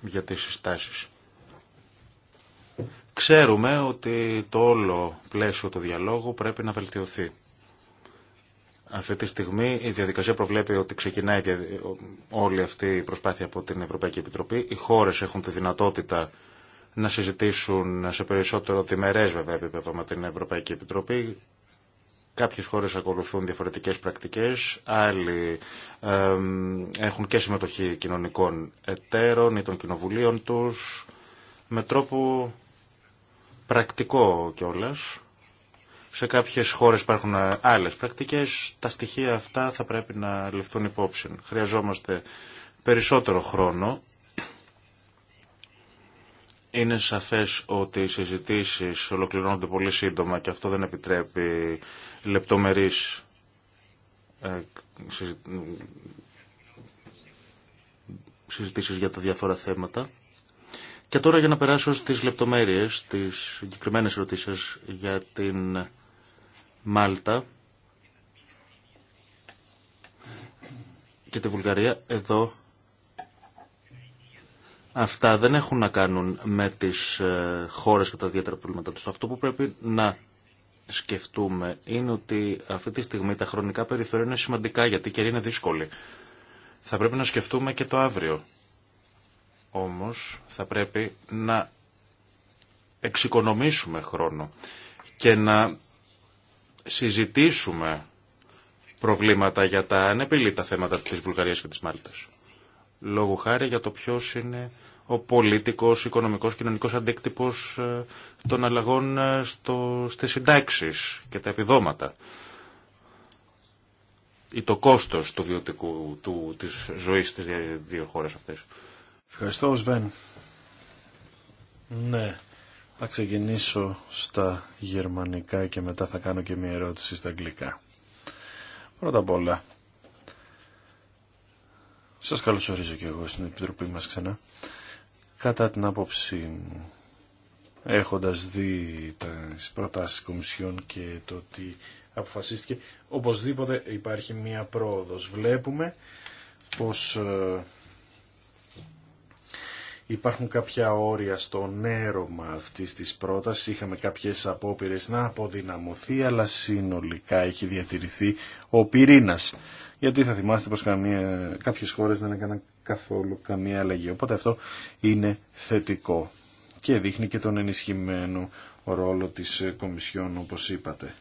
για τις συστάσεις. Ξέρουμε ότι το όλο πλαίσιο του διαλόγου πρέπει να βελτιωθεί. Αυτή τη στιγμή η διαδικασία προβλέπει ότι ξεκινάει όλη αυτή η προσπάθεια από την Ευρωπαϊκή Επιτροπή. Οι χώρες έχουν τη δυνατότητα να συζητήσουν σε περισσότερο διμερές βέβαια επίπεδο με την Ευρωπαϊκή Επιτροπή. Κάποιες χώρες ακολουθούν διαφορετικές πρακτικές, άλλοι έχουν και συμμετοχή κοινωνικών εταίρων ή των κοινοβουλίων τους με τρόπο πρακτικό κιόλας σε κάποιες χώρες υπάρχουν ε, άλλες πρακτικές. Τα στοιχεία αυτά θα πρέπει να ληφθούν υπόψη. Χρειαζόμαστε περισσότερο χρόνο. Είναι σαφές ότι οι συζητήσεις ολοκληρώνονται πολύ σύντομα και αυτό δεν επιτρέπει λεπτομερείς ε, συζητήσεις για τα διάφορα θέματα. Και τώρα για να περάσω στις λεπτομέρειες, τις συγκεκριμένες ερωτήσεις για την Μάλτα και τη Βουλγαρία εδώ αυτά δεν έχουν να κάνουν με τις ε, χώρες και τα ιδιαίτερα προβλήματα τους. Αυτό που πρέπει να σκεφτούμε είναι ότι αυτή τη στιγμή τα χρονικά περιθώρια είναι σημαντικά γιατί και είναι δύσκολη. Θα πρέπει να σκεφτούμε και το αύριο. Όμως θα πρέπει να εξοικονομήσουμε χρόνο και να συζητήσουμε προβλήματα για τα ανεπιλήτα θέματα της Βουλγαρίας και της Μάλτας. λόγω χάρη για το ποιο είναι ο πολιτικός, οικονομικός, κοινωνικός αντίκτυπος ε, των αλλαγών ε, στο, στις συντάξεις και τα επιδόματα ή το κόστος του βιωτικού, του, της ζωής στις δύο χώρες αυτές. Ευχαριστώ, Σβέν. Ναι. Θα ξεκινήσω στα γερμανικά και μετά θα κάνω και μια ερώτηση στα αγγλικά. Πρώτα απ' όλα, σας καλωσορίζω και εγώ στην Επιτροπή μας ξανά. Κατά την άποψή μου, έχοντας δει τις προτάσεις Κομισιόν και το τι αποφασίστηκε, οπωσδήποτε υπάρχει μία πρόοδος. Βλέπουμε πως ε, Υπάρχουν κάποια όρια στο έρωμα αυτής της πρότασης. Είχαμε κάποιες απόπειρες να αποδυναμωθεί, αλλά συνολικά έχει διατηρηθεί ο πυρήνας. Γιατί θα θυμάστε πως κάποιε κάποιες χώρες δεν έκαναν καθόλου καμία αλλαγή. Οπότε αυτό είναι θετικό και δείχνει και τον ενισχυμένο ρόλο της Κομισιόν όπως είπατε.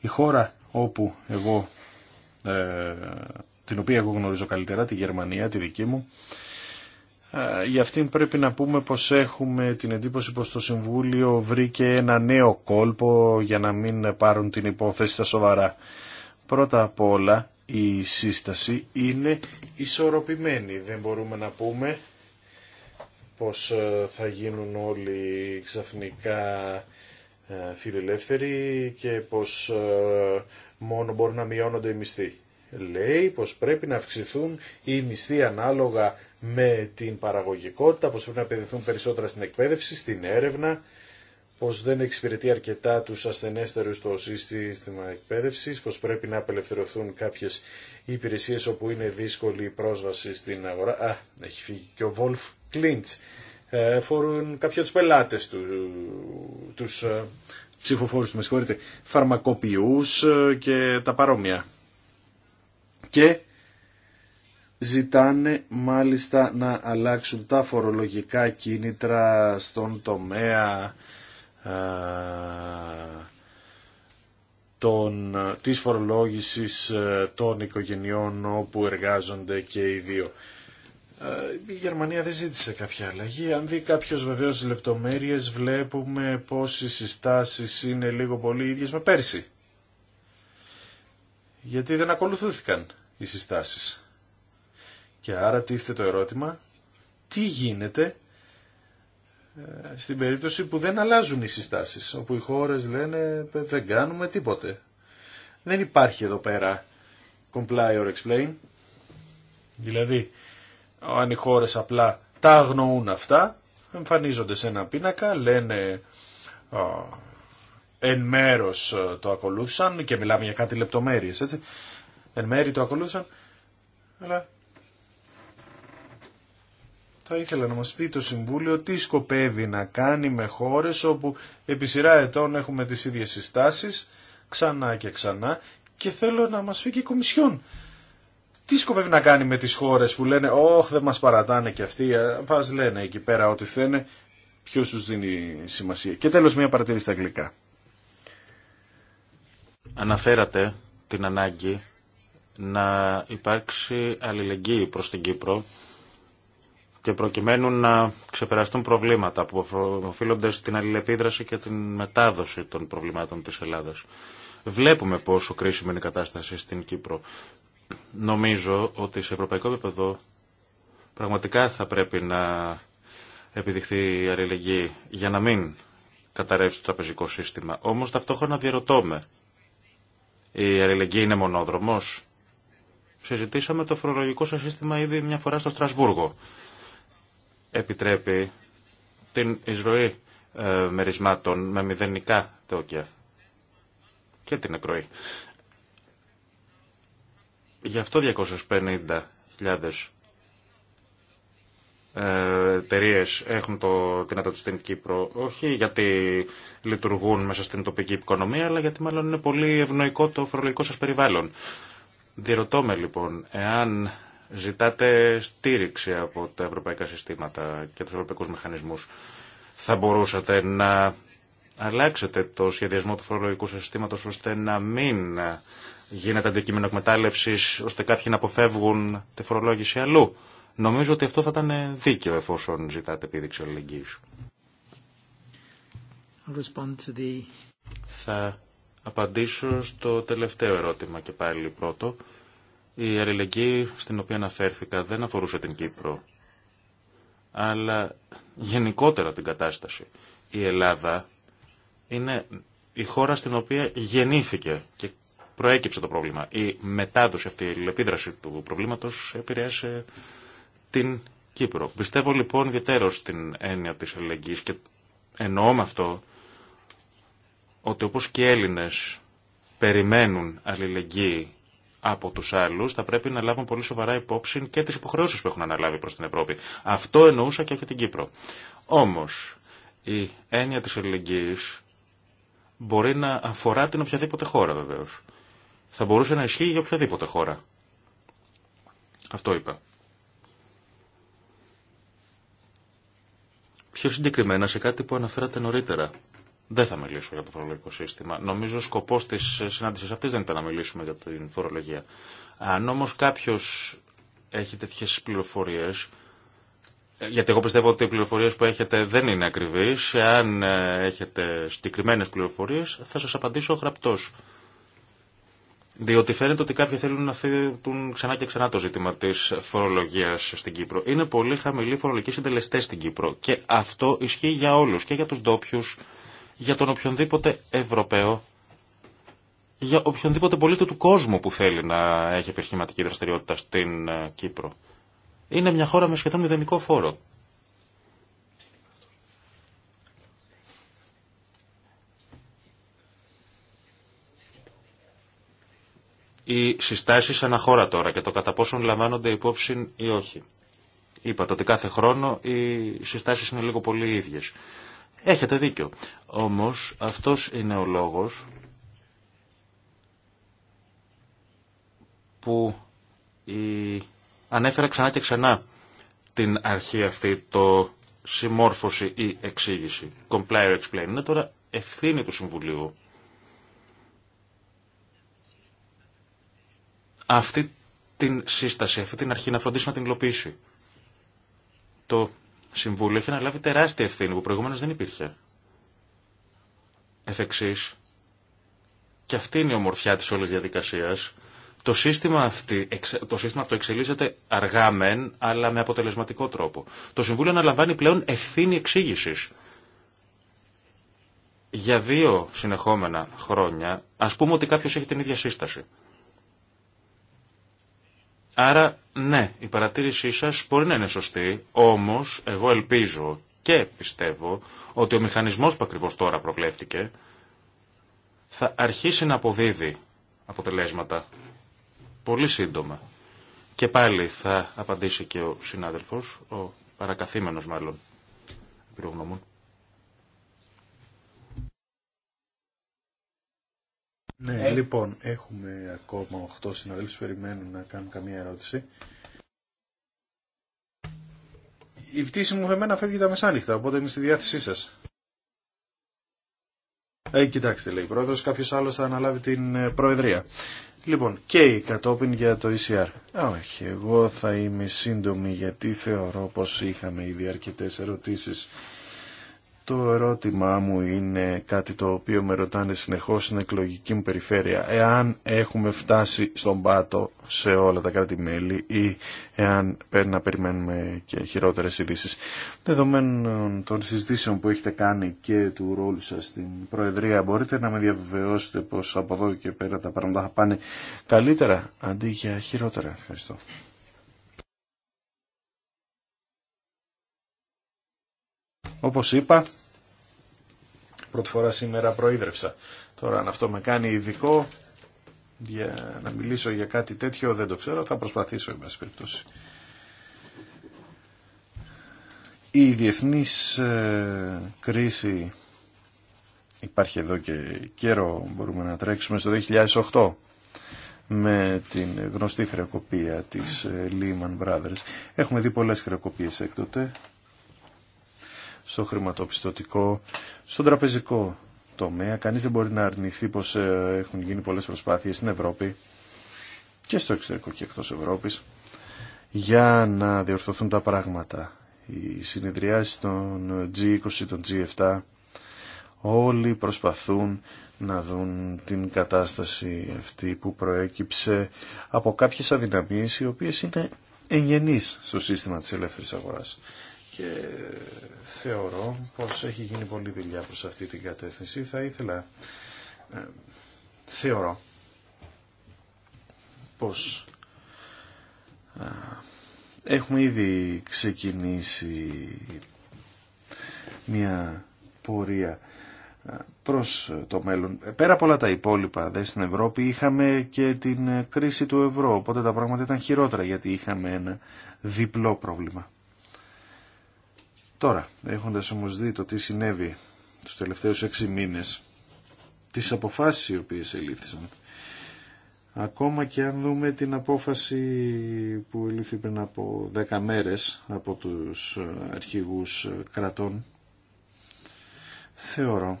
Η χώρα όπου εγώ, ε, την οποία εγώ γνωρίζω καλύτερα, τη Γερμανία, τη δική μου, ε, για αυτήν πρέπει να πούμε πως έχουμε την εντύπωση πως το Συμβούλιο βρήκε ένα νέο κόλπο για να μην πάρουν την υπόθεση στα σοβαρά. Πρώτα απ' όλα η σύσταση είναι ισορροπημένη. Δεν μπορούμε να πούμε πως ε, θα γίνουν όλοι ξαφνικά ε, φιλελεύθεροι και πως μόνο μπορούν να μειώνονται οι μισθοί λέει πως πρέπει να αυξηθούν οι μισθοί ανάλογα με την παραγωγικότητα, πως πρέπει να επενδυθούν περισσότερα στην εκπαίδευση, στην έρευνα, πως δεν εξυπηρετεί αρκετά τους ασθενέστερους το σύστημα εκπαίδευσης, πως πρέπει να απελευθερωθούν κάποιες υπηρεσίες όπου είναι δύσκολη η πρόσβαση στην αγορά. Α, έχει φύγει και ο Βολφ Κλίντς. Ε, φορούν κάποιοι πελάτες του, τους ε, ψηφοφόρους του, με συγχωρείτε, φαρμακοποιούς ε, και τα παρόμοια και ζητάνε μάλιστα να αλλάξουν τα φορολογικά κίνητρα στον τομέα α, των, της φορολόγησης των οικογενειών όπου εργάζονται και οι δύο. Η Γερμανία δεν ζήτησε κάποια αλλαγή. Αν δει κάποιος βεβαίως λεπτομέρειες βλέπουμε πως οι συστάσεις είναι λίγο πολύ ίδιες με πέρσι. Γιατί δεν ακολουθούθηκαν οι συστάσεις. Και άρα τίθεται το ερώτημα, τι γίνεται ε, στην περίπτωση που δεν αλλάζουν οι συστάσεις, όπου οι χώρες λένε δεν κάνουμε τίποτε. Δεν υπάρχει εδώ πέρα comply or explain. Δηλαδή, αν οι χώρες απλά τα αγνοούν αυτά, εμφανίζονται σε ένα πίνακα, λένε εν μέρος ε, το ακολούθησαν και μιλάμε για κάτι λεπτομέρειες, έτσι εν μέρη το ακολούθησαν, αλλά θα ήθελα να μας πει το Συμβούλιο τι σκοπεύει να κάνει με χώρες όπου επί σειρά ετών έχουμε τις ίδιες συστάσεις ξανά και ξανά και θέλω να μας πει και η Κομισιόν. Τι σκοπεύει να κάνει με τις χώρες που λένε «Ωχ, δεν μας παρατάνε και αυτοί, πας ε, λένε εκεί πέρα ό,τι θένε, ποιο του δίνει σημασία». Και τέλος μια παρατήρηση στα αγγλικά. Αναφέρατε την ανάγκη να υπάρξει αλληλεγγύη προς την Κύπρο και προκειμένου να ξεπεραστούν προβλήματα που οφείλονται στην αλληλεπίδραση και την μετάδοση των προβλημάτων της Ελλάδας. Βλέπουμε πόσο κρίσιμη είναι η κατάσταση στην Κύπρο. Νομίζω ότι σε ευρωπαϊκό επίπεδο πραγματικά θα πρέπει να επιδειχθεί η αλληλεγγύη για να μην καταρρεύσει το τραπεζικό σύστημα. Όμως ταυτόχρονα διαρωτώ Η αλληλεγγύη είναι μονόδρομος Συζητήσαμε το φορολογικό σας σύστημα ήδη μια φορά στο Στρασβούργο. Επιτρέπει την εισρωή ε, μερισμάτων με μηδενικά τόκια και την εκροή. Γι' αυτό 250.000 ε, εταιρείε έχουν το δυνατό τους στην Κύπρο. Όχι γιατί λειτουργούν μέσα στην τοπική οικονομία, αλλά γιατί μάλλον είναι πολύ ευνοϊκό το φορολογικό σας περιβάλλον. Διερωτώ με λοιπόν, εάν ζητάτε στήριξη από τα ευρωπαϊκά συστήματα και τους ευρωπαϊκούς μηχανισμούς, θα μπορούσατε να αλλάξετε το σχεδιασμό του φορολογικού συστήματος ώστε να μην γίνεται αντικείμενο εκμετάλλευση ώστε κάποιοι να αποφεύγουν τη φορολόγηση αλλού. Νομίζω ότι αυτό θα ήταν δίκαιο εφόσον ζητάτε επίδειξη αλληλεγγύης απαντήσω στο τελευταίο ερώτημα και πάλι πρώτο. Η αλληλεγγύη στην οποία αναφέρθηκα δεν αφορούσε την Κύπρο, αλλά γενικότερα την κατάσταση. Η Ελλάδα είναι η χώρα στην οποία γεννήθηκε και προέκυψε το πρόβλημα. Η μετάδοση αυτή, η λεπίδραση του προβλήματος επηρέασε την Κύπρο. Πιστεύω λοιπόν ιδιαίτερο στην έννοια της αλληλεγγύης και εννοώ με αυτό ότι όπως και οι Έλληνες περιμένουν αλληλεγγύη από τους άλλους, θα πρέπει να λάβουν πολύ σοβαρά υπόψη και τις υποχρεώσεις που έχουν αναλάβει προς την Ευρώπη. Αυτό εννοούσα και για την Κύπρο. Όμως, η έννοια της αλληλεγγύης μπορεί να αφορά την οποιαδήποτε χώρα βεβαίως. Θα μπορούσε να ισχύει για οποιαδήποτε χώρα. Αυτό είπα. Πιο συγκεκριμένα σε κάτι που αναφέρατε νωρίτερα δεν θα μιλήσω για το φορολογικό σύστημα. Νομίζω ο σκοπό τη συνάντηση αυτή δεν ήταν να μιλήσουμε για την φορολογία. Αν όμω κάποιο έχει τέτοιε πληροφορίε, ε, γιατί εγώ πιστεύω ότι οι πληροφορίε που έχετε δεν είναι ακριβεί, αν ε, έχετε συγκεκριμένε πληροφορίε θα σα απαντήσω γραπτό. Διότι φαίνεται ότι κάποιοι θέλουν να θέτουν ξανά και ξανά το ζήτημα τη φορολογία στην Κύπρο. Είναι πολύ χαμηλοί φορολογικοί συντελεστέ στην Κύπρο και αυτό ισχύει για όλου και για του ντόπιου για τον οποιονδήποτε Ευρωπαίο, για οποιονδήποτε πολίτη του κόσμου που θέλει να έχει επιχειρηματική δραστηριότητα στην ε, Κύπρο. Είναι μια χώρα με σχεδόν μηδενικό φόρο. Οι συστάσεις χώρα τώρα και το κατά πόσον λαμβάνονται υπόψη ή όχι. Είπατε ότι κάθε χρόνο οι συστάσεις είναι λίγο πολύ ίδιες. Έχετε δίκιο. Όμως αυτός είναι ο λόγος που η... ανέφερα ξανά και ξανά την αρχή αυτή το συμμόρφωση ή εξήγηση. Comply or explain. Είναι τώρα ευθύνη του Συμβουλίου. Αυτή την σύσταση, αυτή την αρχή να φροντίσει να την υλοποιήσει. Το Συμβούλιο έχει αναλάβει τεράστια ευθύνη που προηγουμένως δεν υπήρχε. Εφ' εξής, και αυτή είναι η ομορφιά της όλης διαδικασίας, το σύστημα, αυτή, το σύστημα αυτό εξελίσσεται αργά μεν, αλλά με αποτελεσματικό τρόπο. Το Συμβούλιο αναλαμβάνει πλέον ευθύνη εξήγηση. Για δύο συνεχόμενα χρόνια, α πούμε ότι κάποιο έχει την ίδια σύσταση. Άρα, ναι, η παρατήρησή σας μπορεί να είναι σωστή, όμως εγώ ελπίζω και πιστεύω ότι ο μηχανισμός που ακριβώς τώρα προβλέφτηκε θα αρχίσει να αποδίδει αποτελέσματα πολύ σύντομα. Και πάλι θα απαντήσει και ο συνάδελφος, ο παρακαθήμενος μάλλον, Ναι, ε. λοιπόν, έχουμε ακόμα 8 συναδέλφους περιμένουν να κάνουν καμία ερώτηση. Η πτήση μου εμένα φεύγει τα μεσάνυχτα, οπότε είμαι στη διάθεσή σας. Ε, κοιτάξτε, λέει πρόεδρος, κάποιος άλλος θα αναλάβει την ε, προεδρία. Λοιπόν, και η κατόπιν για το ECR. Όχι, εγώ θα είμαι σύντομη γιατί θεωρώ πως είχαμε ήδη αρκετές ερωτήσεις το ερώτημά μου είναι κάτι το οποίο με ρωτάνε συνεχώς στην εκλογική μου περιφέρεια. Εάν έχουμε φτάσει στον πάτο σε όλα τα κράτη-μέλη ή εάν πρέπει να περιμένουμε και χειρότερες ειδήσει. Δεδομένων των συζητήσεων που έχετε κάνει και του ρόλου σας στην Προεδρία, μπορείτε να με διαβεβαιώσετε πως από εδώ και πέρα τα πράγματα θα πάνε καλύτερα αντί για χειρότερα. Ευχαριστώ. Όπως είπα, πρώτη φορά σήμερα προείδρευσα. Τώρα αν αυτό με κάνει ειδικό για να μιλήσω για κάτι τέτοιο δεν το ξέρω, θα προσπαθήσω εν πάση Η διεθνής ε, κρίση υπάρχει εδώ και καιρό, μπορούμε να τρέξουμε στο 2008 με την γνωστή χρεοκοπία της ε, Lehman Brothers. Έχουμε δει πολλές χρεοκοπίες έκτοτε στο χρηματοπιστωτικό, στον τραπεζικό τομέα. Κανείς δεν μπορεί να αρνηθεί πως ε, έχουν γίνει πολλές προσπάθειες στην Ευρώπη και στο εξωτερικό και εκτός Ευρώπης για να διορθωθούν τα πράγματα. Οι συνεδριάσεις των G20, των G7, όλοι προσπαθούν να δουν την κατάσταση αυτή που προέκυψε από κάποιες αδυναμίες οι οποίες είναι εγγενείς στο σύστημα της ελεύθερης αγοράς και θεωρώ πως έχει γίνει πολλή δουλειά προς αυτή την κατεύθυνση. Θα ήθελα, ε, θεωρώ πως ε, έχουμε ήδη ξεκινήσει μια πορεία ε, προς το μέλλον. Πέρα από όλα τα υπόλοιπα δε, στην Ευρώπη είχαμε και την κρίση του ευρώ, οπότε τα πράγματα ήταν χειρότερα γιατί είχαμε ένα διπλό πρόβλημα. Τώρα, έχοντας όμως δει το τι συνέβη τους τελευταίους έξι μήνες, τις αποφάσεις οι οποίες ελήφθησαν, ακόμα και αν δούμε την απόφαση που ελήφθη πριν από δέκα μέρες από τους ε, αρχηγούς ε, κρατών, θεωρώ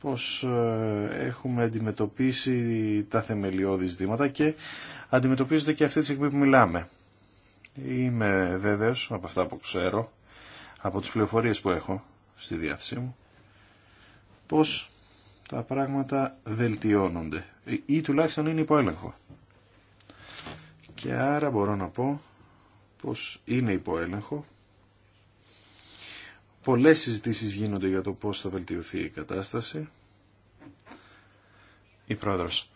πως ε, έχουμε αντιμετωπίσει τα θεμελιώδη ζητήματα και αντιμετωπίζονται και αυτή τη στιγμή που μιλάμε. Είμαι βέβαιος από αυτά που ξέρω από τις πληροφορίες που έχω στη διάθεσή μου πως τα πράγματα βελτιώνονται ε, ή τουλάχιστον είναι υπό έλεγχο. Και άρα μπορώ να πω πως είναι υπό έλεγχο. Πολλές συζητήσεις γίνονται για το πώς θα βελτιωθεί η κατάσταση. Η πρόεδρος.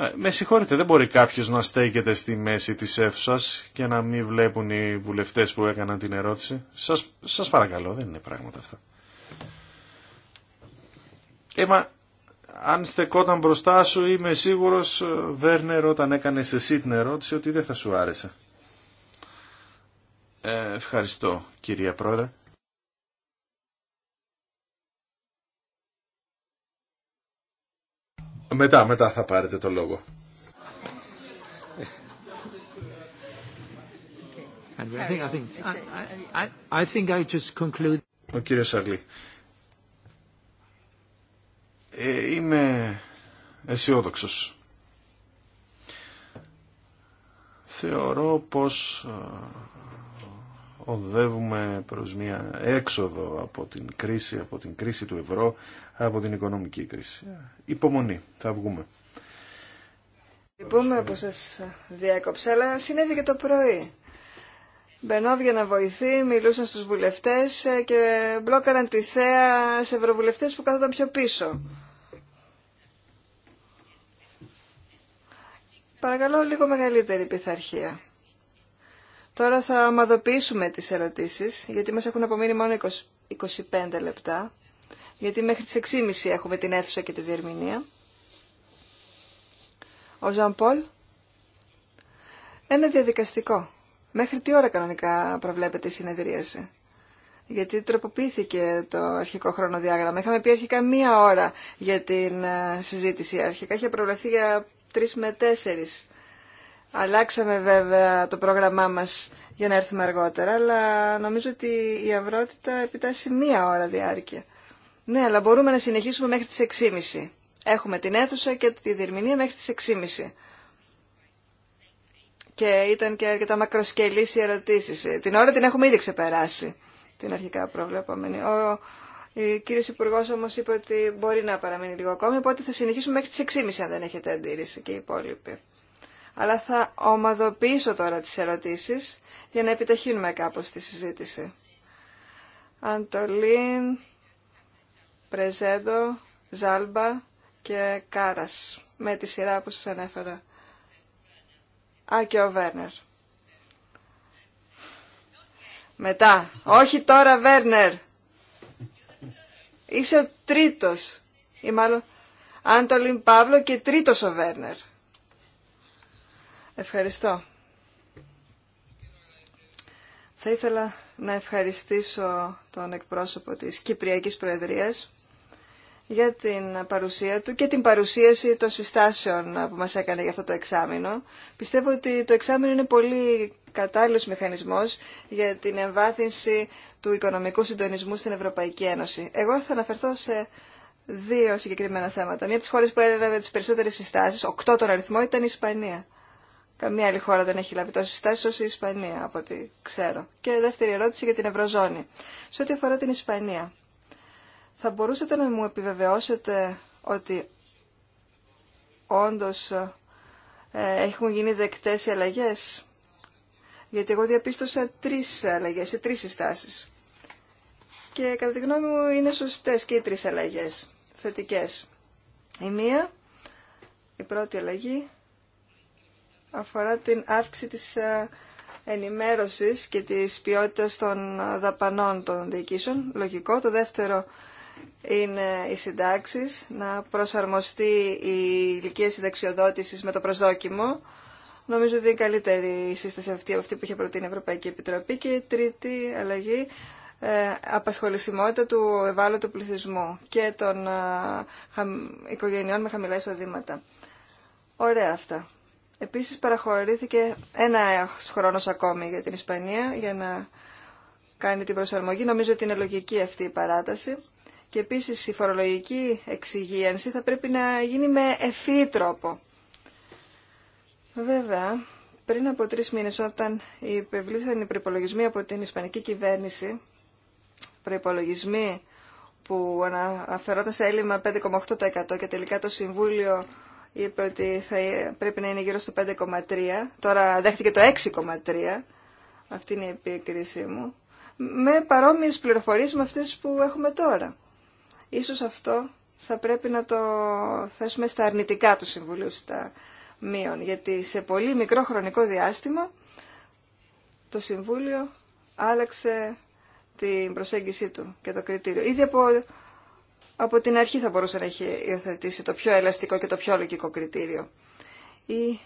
Ε, με συγχωρείτε, δεν μπορεί κάποιο να στέκεται στη μέση τη αίθουσα και να μην βλέπουν οι βουλευτέ που έκαναν την ερώτηση. Σα σας παρακαλώ, δεν είναι πράγματα αυτά. Έμα, αν στεκόταν μπροστά σου, είμαι σίγουρο, ε, Βέρνερ, όταν έκανε εσύ την ερώτηση, ότι δεν θα σου άρεσε. Ε, ευχαριστώ, κυρία Πρόεδρε. Μετά, μετά θα πάρετε το λόγο. Ο κύριο Σαρλή. Ε, είμαι αισιόδοξο. Θεωρώ πως ε, οδεύουμε προς μια έξοδο από την κρίση, από την κρίση του ευρώ, από την οικονομική κρίση. Υπομονή, θα βγούμε. Λυπούμε που σα διέκοψα, αλλά συνέβη και το πρωί. Μπενόβ να βοηθεί, μιλούσαν στους βουλευτές και μπλόκαραν τη θέα σε ευρωβουλευτές που κάθονταν πιο πίσω. Παρακαλώ λίγο μεγαλύτερη πειθαρχία. Τώρα θα ομαδοποιήσουμε τις ερωτήσεις, γιατί μας έχουν απομείνει μόνο 20, 25 λεπτά γιατί μέχρι τις 6.30 έχουμε την αίθουσα και τη διερμηνία. Ο Ζαν Πολ, ένα διαδικαστικό. Μέχρι τι ώρα κανονικά προβλέπεται η συνεδρίαση. Γιατί τροποποιήθηκε το αρχικό χρονοδιάγραμμα. Είχαμε πει αρχικά μία ώρα για την ε, συζήτηση. Αρχικά είχε προβλεφθεί για τρεις με τέσσερις. Αλλάξαμε βέβαια το πρόγραμμά μας για να έρθουμε αργότερα, αλλά νομίζω ότι η αυρότητα επιτάσσει μία ώρα διάρκεια. Ναι, αλλά μπορούμε να συνεχίσουμε μέχρι τις 6.30. Έχουμε την αίθουσα και τη διερμηνία μέχρι τις 6.30. Και ήταν και αρκετά μακροσκελής η ερωτήσεις. Ε, την ώρα την έχουμε ήδη ξεπεράσει, την αρχικά προβλεπόμενη. Ο κύριο Υπουργό όμω είπε ότι μπορεί να παραμείνει λίγο ακόμη, οπότε θα συνεχίσουμε μέχρι τις 6.30 αν δεν έχετε αντίρρηση και οι υπόλοιποι. Αλλά θα ομαδοποιήσω τώρα τις ερωτήσεις για να επιταχύνουμε κάπως τη συζήτηση. Αντολίν, Πρεζέντο, Ζάλμπα και Κάρας με τη σειρά που σας ανέφερα. Α, και ο Βέρνερ. Μετά. Όχι τώρα, Βέρνερ. Είσαι ο τρίτος. Ή μάλλον Άντολιν Παύλο και τρίτος ο Βέρνερ. Ευχαριστώ. Θα ήθελα να ευχαριστήσω τον εκπρόσωπο της Κυπριακής Προεδρίας για την παρουσία του και την παρουσίαση των συστάσεων που μας έκανε για αυτό το εξάμεινο. Πιστεύω ότι το εξάμεινο είναι πολύ κατάλληλος μηχανισμός για την εμβάθυνση του οικονομικού συντονισμού στην Ευρωπαϊκή Ένωση. Εγώ θα αναφερθώ σε δύο συγκεκριμένα θέματα. Μία από τις χώρες που έλαβε τις περισσότερες συστάσεις, οκτώ τον αριθμό, ήταν η Ισπανία. Καμία άλλη χώρα δεν έχει λάβει τόσε συστάσει όσο η Ισπανία, από ό,τι ξέρω. Και δεύτερη ερώτηση για την Ευρωζώνη. Σε ό,τι αφορά την Ισπανία, θα μπορούσατε να μου επιβεβαιώσετε ότι όντως ε, έχουν γίνει δεκτές οι αλλαγές. Γιατί εγώ διαπίστωσα τρεις αλλαγές σε τρεις συστάσεις. Και κατά τη γνώμη μου είναι σωστές και οι τρεις αλλαγές, θετικές. Η μία, η πρώτη αλλαγή, αφορά την αύξηση της ε, ενημέρωσης και της ποιότητας των ε, δαπανών των διοικήσεων. Λογικό. Το δεύτερο είναι οι συντάξει, να προσαρμοστεί η ηλικία συνταξιοδότηση με το προσδόκιμο. Νομίζω ότι είναι καλύτερη η σύσταση αυτή αυτή που είχε προτείνει η Ευρωπαϊκή Επιτροπή. Και η τρίτη αλλαγή, ε, απασχολησιμότητα του ευάλωτου πληθυσμού και των ε, οικογενειών με χαμηλά εισοδήματα. Ωραία αυτά. Επίσης παραχωρήθηκε ένα χρόνος ακόμη για την Ισπανία για να κάνει την προσαρμογή. Νομίζω ότι είναι λογική αυτή η παράταση. Και επίση η φορολογική εξυγίανση θα πρέπει να γίνει με ευφύ τρόπο. Βέβαια, πριν από τρει μήνες όταν υπευλήθησαν οι προπολογισμοί από την Ισπανική κυβέρνηση, προπολογισμοί που αναφερόταν σε έλλειμμα 5,8% και τελικά το Συμβούλιο είπε ότι θα πρέπει να είναι γύρω στο 5,3%. Τώρα δέχτηκε το 6,3%. Αυτή είναι η επίκρισή μου. Με παρόμοιες πληροφορίες με αυτές που έχουμε τώρα. Ίσως αυτό θα πρέπει να το θέσουμε στα αρνητικά του Συμβουλίου, στα μείον, γιατί σε πολύ μικρό χρονικό διάστημα το Συμβούλιο άλλαξε την προσέγγιση του και το κριτήριο. Ήδη από, από την αρχή θα μπορούσε να έχει υιοθετήσει το πιο ελαστικό και το πιο λογικό κριτήριο. Η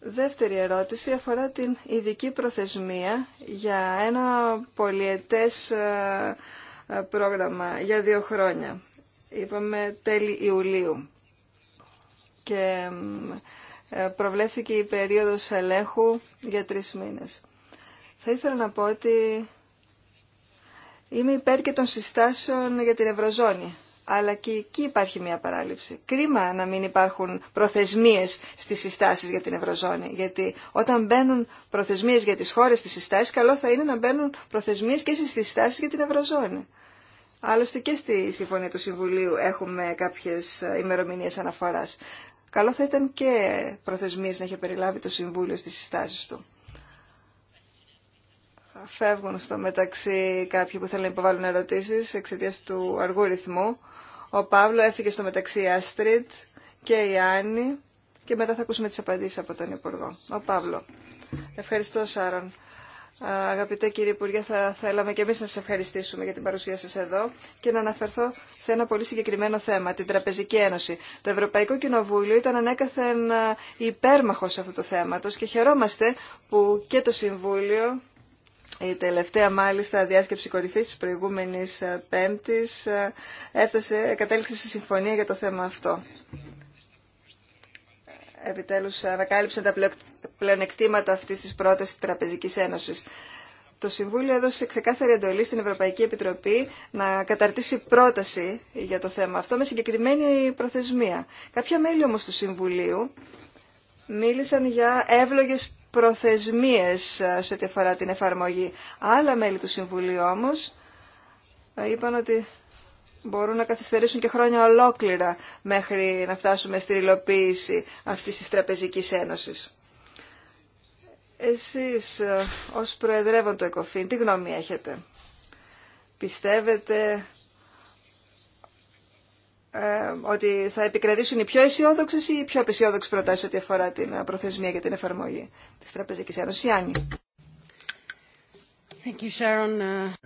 δεύτερη ερώτηση αφορά την ειδική προθεσμία για ένα πολιετές ε, ε, πρόγραμμα για δύο χρόνια. Είπαμε τέλη Ιουλίου. Και ε, προβλέφθηκε η περίοδος ελέγχου για τρεις μήνες. Θα ήθελα να πω ότι είμαι υπέρ και των συστάσεων για την Ευρωζώνη αλλά και εκεί υπάρχει μια παράληψη. Κρίμα να μην υπάρχουν προθεσμίες στις συστάσεις για την Ευρωζώνη, γιατί όταν μπαίνουν προθεσμίες για τις χώρες στις συστάσεις, καλό θα είναι να μπαίνουν προθεσμίες και στις συστάσεις για την Ευρωζώνη. Άλλωστε και στη Συμφωνία του Συμβουλίου έχουμε κάποιες ημερομηνίες αναφοράς. Καλό θα ήταν και προθεσμίες να είχε περιλάβει το Συμβούλιο στις συστάσεις του φεύγουν στο μεταξύ κάποιοι που θέλουν να υποβάλουν ερωτήσει εξαιτία του αργού ρυθμού. Ο Παύλο έφυγε στο μεταξύ η Άστριτ και η Άννη και μετά θα ακούσουμε τι απαντήσει από τον Υπουργό. Ο Παύλο. Ευχαριστώ Σάρον. Αγαπητέ κύριε Υπουργέ, θα θέλαμε και εμεί να σα ευχαριστήσουμε για την παρουσία σα εδώ και να αναφερθώ σε ένα πολύ συγκεκριμένο θέμα, την Τραπεζική Ένωση. Το Ευρωπαϊκό Κοινοβούλιο ήταν ανέκαθεν υπέρμαχο αυτού του θέματος και χαιρόμαστε που και το Συμβούλιο η τελευταία μάλιστα διάσκεψη κορυφή τη προηγούμενη ε, Πέμπτης ε, έφτασε, κατέληξε σε συμφωνία για το θέμα αυτό. Επιτέλους ε, ανακάλυψαν τα πλεονεκτήματα αυτή της πρόταση τη Τραπεζική Ένωσης. Το Συμβούλιο έδωσε ξεκάθαρη εντολή στην Ευρωπαϊκή Επιτροπή να καταρτήσει πρόταση για το θέμα αυτό με συγκεκριμένη προθεσμία. Κάποια μέλη όμω του Συμβουλίου μίλησαν για εύλογε προθεσμίες ε, σε ό,τι αφορά την εφαρμογή. Άλλα μέλη του Συμβουλίου όμως ε, είπαν ότι μπορούν να καθυστερήσουν και χρόνια ολόκληρα μέχρι να φτάσουμε στη υλοποίηση αυτής της Τραπεζικής Ένωσης. Εσείς ε, ως Προεδρεύον του ΕΚΟΦΗΝ, τι γνώμη έχετε. Πιστεύετε ε, ότι θα επικρατήσουν οι πιο αισιόδοξε ή οι πιο απεσιόδοξε προτάσει ό,τι αφορά την ε, προθεσμία για την εφαρμογή τη Τραπεζική Ένωση.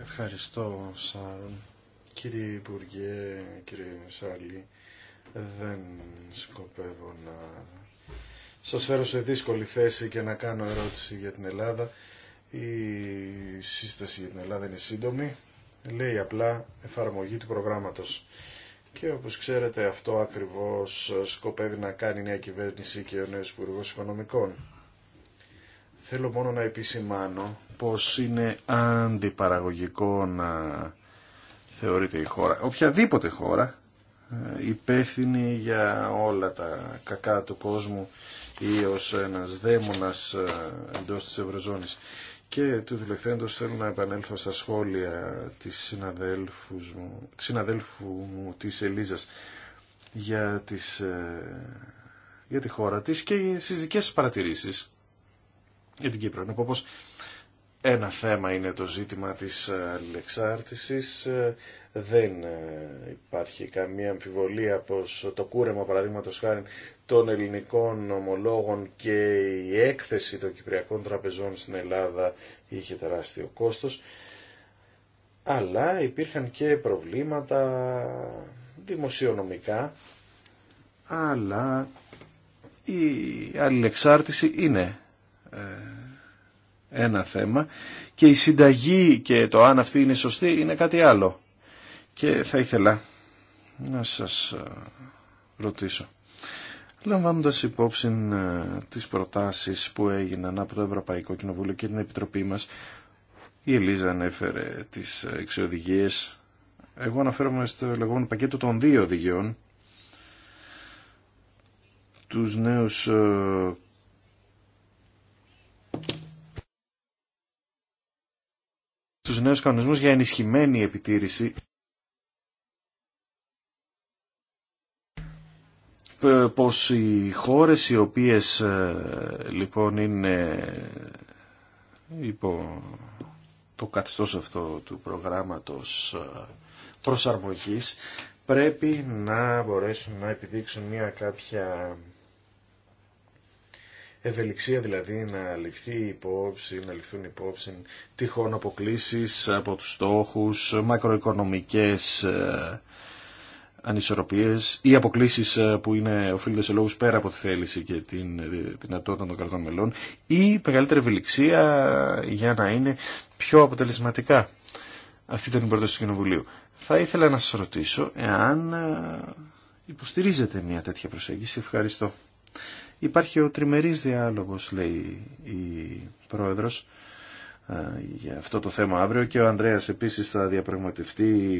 Ευχαριστώ, Σάρων. Κύριε Υπουργέ, κύριε Σάλη, δεν σκοπεύω να σας φέρω σε δύσκολη θέση και να κάνω ερώτηση για την Ελλάδα. Η σύσταση για την Ελλάδα είναι σύντομη. Λέει απλά εφαρμογή του προγράμματος. Και όπως ξέρετε αυτό ακριβώς σκοπεύει να κάνει η νέα κυβέρνηση και ο νέος υπουργό Οικονομικών. Θέλω μόνο να επισημάνω πως είναι αντιπαραγωγικό να θεωρείται η χώρα, οποιαδήποτε χώρα, ε, υπεύθυνη για όλα τα κακά του κόσμου ή ως ένας δαίμονας ε, εντός της Ευρωζώνης και του δουλεχθέντος θέλω να επανέλθω στα σχόλια της συναδέλφου μου, της, συναδέλφου Ελίζας για, τις, ε, για τη χώρα της και στις δικές παρατηρήσεις για την Κύπρο. Να ένα θέμα είναι το ζήτημα της αλληλεξάρτησης. Ε, δεν ε, υπάρχει καμία αμφιβολία πως το κούρεμα παραδείγματος χάρη των ελληνικών ομολόγων και η έκθεση των κυπριακών τραπεζών στην Ελλάδα είχε τεράστιο κόστος, αλλά υπήρχαν και προβλήματα δημοσιονομικά, αλλά η αλληλεξάρτηση είναι ε, ένα θέμα και η συνταγή και το αν αυτή είναι σωστή είναι κάτι άλλο. Και θα ήθελα να σας ε, ρωτήσω λαμβάνοντας υπόψη ε, τις προτάσεις που έγιναν από το Ευρωπαϊκό Κοινοβούλιο και την Επιτροπή μας, η Ελίζα ανέφερε τις εξοδηγίες. Εγώ αναφέρομαι στο λεγόμενο πακέτο των δύο οδηγιών, τους νέους ε, τους νέους κανονισμούς για ενισχυμένη επιτήρηση Ε, πως οι χώρες οι οποίες ε, λοιπόν είναι υπό το καθεστώς αυτό του προγράμματος ε, προσαρμογής πρέπει να μπορέσουν να επιδείξουν μια κάποια ευελιξία δηλαδή να ληφθεί υπόψη, να ληφθούν υπόψη τυχόν αποκλήσεις από τους στόχους, μακροοικονομικές ανισορροπίες ή αποκλήσεις ε, που είναι οφείλονται σε λόγους πέρα από τη θέληση και την ε, δυνατότητα των κρατών μελών ή μεγαλύτερη ευελιξία για να είναι πιο αποτελεσματικά. Αυτή ήταν η πρόταση του Κοινοβουλίου. Θα ήθελα να σας ρωτήσω εάν ε, υποστηρίζετε μια τέτοια προσέγγιση. Ευχαριστώ. Υπάρχει ο τριμερής διάλογος, λέει η Πρόεδρος, για αυτό το θέμα αύριο και ο Ανδρέας επίσης θα διαπραγματευτεί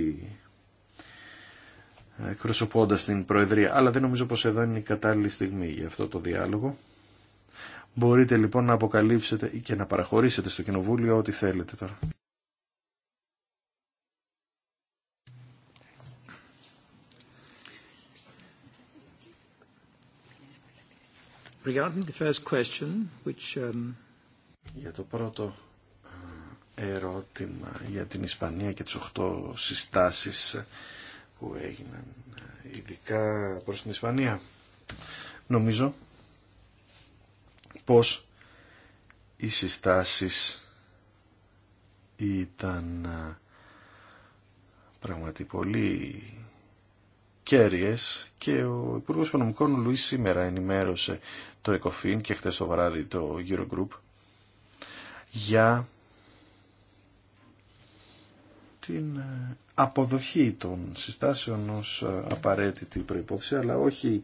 εκπροσωπώντα την Προεδρία. Αλλά δεν νομίζω πως εδώ είναι η κατάλληλη στιγμή για αυτό το διάλογο. Μπορείτε λοιπόν να αποκαλύψετε και να παραχωρήσετε στο Κοινοβούλιο ό,τι θέλετε τώρα. Regarding the first question, which, um... Για το πρώτο ε, ερώτημα για την Ισπανία και τις οχτώ συστάσεις που έγιναν ειδικά προς την Ισπανία. Νομίζω πως οι συστάσεις ήταν πραγματικά πολύ κέρυες και ο Υπουργό Οικονομικών Λουίς σήμερα ενημέρωσε το ΕΚΟΦΗΝ και χθε το βράδυ το Eurogroup για την ε, αποδοχή των συστάσεων ως ε, απαραίτητη προϋπόψη, αλλά όχι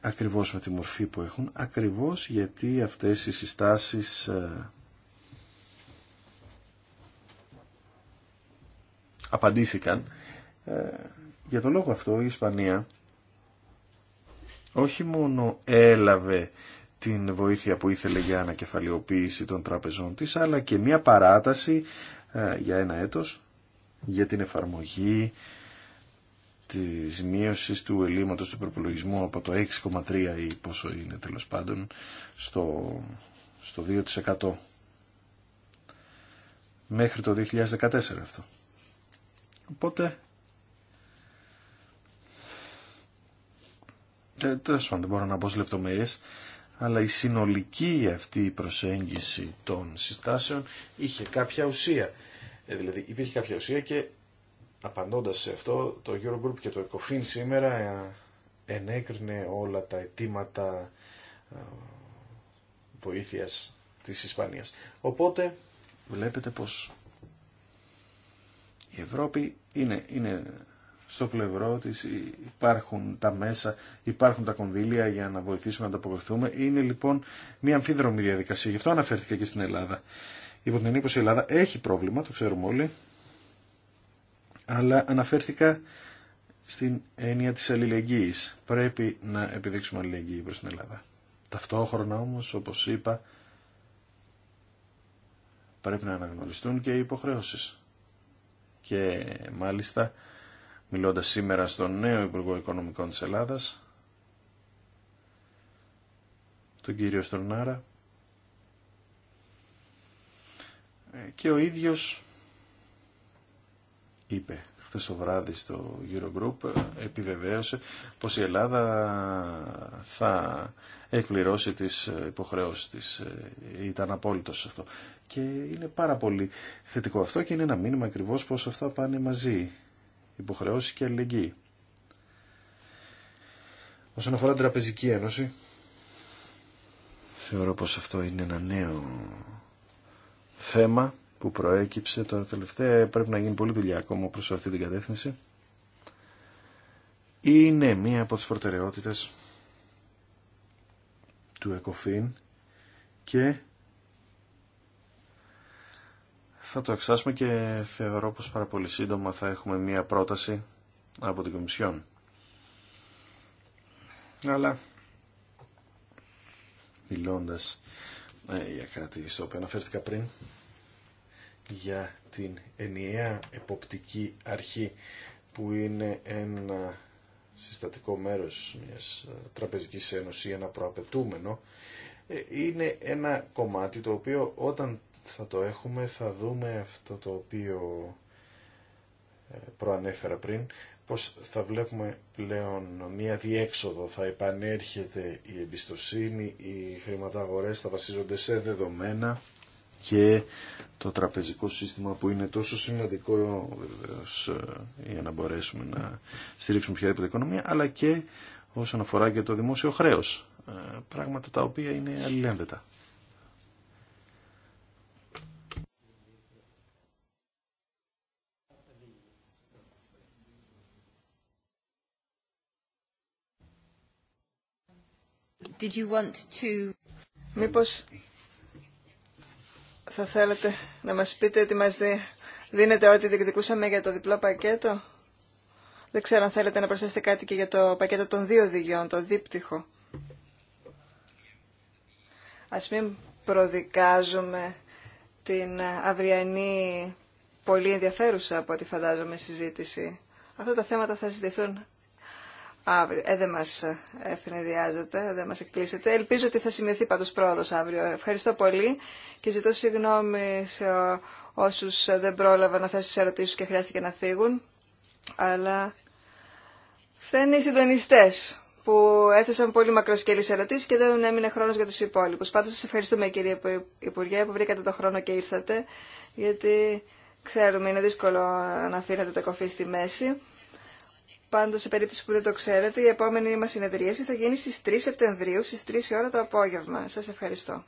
ακριβώς με τη μορφή που έχουν, ακριβώς γιατί αυτές οι συστάσεις ε, απαντήθηκαν. Για τον λόγο αυτό η Ισπανία όχι μόνο έλαβε την βοήθεια που ήθελε για ανακεφαλαιοποίηση των τραπεζών της, αλλά και μια παράταση για ένα έτος για την εφαρμογή της μείωσης του ελλείμματος του προπολογισμού από το 6,3 ή πόσο είναι τέλος πάντων στο, στο 2% μέχρι το 2014 αυτό. Οπότε ε, τέλος δεν μπορώ να πω σε λεπτομέρειες αλλά η συνολική αυτή προσέγγιση των συστάσεων είχε κάποια ουσία ε, δηλαδή υπήρχε κάποια ουσία και απαντώντα σε αυτό το Eurogroup και το ECOFIN σήμερα ε, ενέκρινε όλα τα αιτήματα ε, βοήθειας της Ισπανίας. Οπότε βλέπετε πως η Ευρώπη είναι, είναι στο πλευρό της, υπάρχουν τα μέσα, υπάρχουν τα κονδύλια για να βοηθήσουμε να τα Είναι λοιπόν μια αμφίδρομη διαδικασία, γι' αυτό αναφέρθηκα και στην Ελλάδα υπό την εντύπωση η Ελλάδα έχει πρόβλημα, το ξέρουμε όλοι, αλλά αναφέρθηκα στην έννοια της αλληλεγγύης. Πρέπει να επιδείξουμε αλληλεγγύη προς την Ελλάδα. Ταυτόχρονα όμως, όπως είπα, πρέπει να αναγνωριστούν και οι υποχρεώσεις. Και μάλιστα, μιλώντας σήμερα στον νέο Υπουργό Οικονομικών της Ελλάδας, τον κύριο Στρονάρα, και ο ίδιος είπε χθε το βράδυ στο Eurogroup επιβεβαίωσε πως η Ελλάδα θα εκπληρώσει τις υποχρεώσεις της. Ε, ήταν απόλυτος αυτό. Και είναι πάρα πολύ θετικό αυτό και είναι ένα μήνυμα ακριβώς πως αυτά πάνε μαζί. Υποχρεώσει και αλληλεγγύη. Όσον αφορά την Τραπεζική Ένωση, θεωρώ πως αυτό είναι ένα νέο θέμα που προέκυψε τώρα τελευταία, πρέπει να γίνει πολύ δουλειά ακόμα προς αυτή την κατεύθυνση, είναι μία από τις προτεραιότητες του ΕΚΟΦΗΝ και θα το εξάσουμε και θεωρώ πως πάρα πολύ σύντομα θα έχουμε μία πρόταση από την Κομισιόν. Αλλά μιλώντας ναι, για κάτι στο οποίο αναφέρθηκα πριν για την ενιαία εποπτική αρχή που είναι ένα συστατικό μέρος μιας ε, τραπεζικής ένωσης, ένα προαπαιτούμενο, ε, είναι ένα κομμάτι το οποίο όταν θα το έχουμε θα δούμε αυτό το οποίο ε, προανέφερα πριν, πως θα βλέπουμε πλέον μία διέξοδο, θα επανέρχεται η εμπιστοσύνη, οι χρηματαγορές θα βασίζονται σε δεδομένα και το τραπεζικό σύστημα που είναι τόσο σημαντικό βεβαίως, ε, για να μπορέσουμε να στηρίξουμε την οικονομία, αλλά και όσον αφορά και το δημόσιο χρέος, ε, πράγματα τα οποία είναι αλληλένδετα. Did Μήπως θα θέλετε να μας πείτε ότι μας δίνετε ό,τι διεκδικούσαμε για το διπλό πακέτο. Δεν ξέρω αν θέλετε να προσθέσετε κάτι και για το πακέτο των δύο οδηγιών, το δίπτυχο. Ας μην προδικάζουμε την αυριανή πολύ ενδιαφέρουσα από ό,τι φαντάζομαι συζήτηση. Αυτά τα θέματα θα συζητηθούν αύριο. Ε, δεν μα ευνηδιάζετε, δεν μα εκπλήσετε. Ελπίζω ότι θα σημειωθεί πάντω πρόοδο αύριο. Ευχαριστώ πολύ και ζητώ συγγνώμη σε όσου δεν πρόλαβα να θέσουν ερωτήσει και χρειάστηκε να φύγουν. Αλλά φταίνουν οι συντονιστέ που έθεσαν πολύ μακροσκελείς ερωτήσεις και δεν έμεινε χρόνος για τους υπόλοιπους. Πάντως σας ευχαριστούμε κύριε Υπουργέ που βρήκατε το χρόνο και ήρθατε, γιατί ξέρουμε είναι δύσκολο να αφήνετε το κοφί στη μέση. Πάντως, σε περίπτωση που δεν το ξέρετε, η επόμενη μα συνεδρίαση θα γίνει στις 3 Σεπτεμβρίου, στις 3 ώρα το απόγευμα. Σας ευχαριστώ.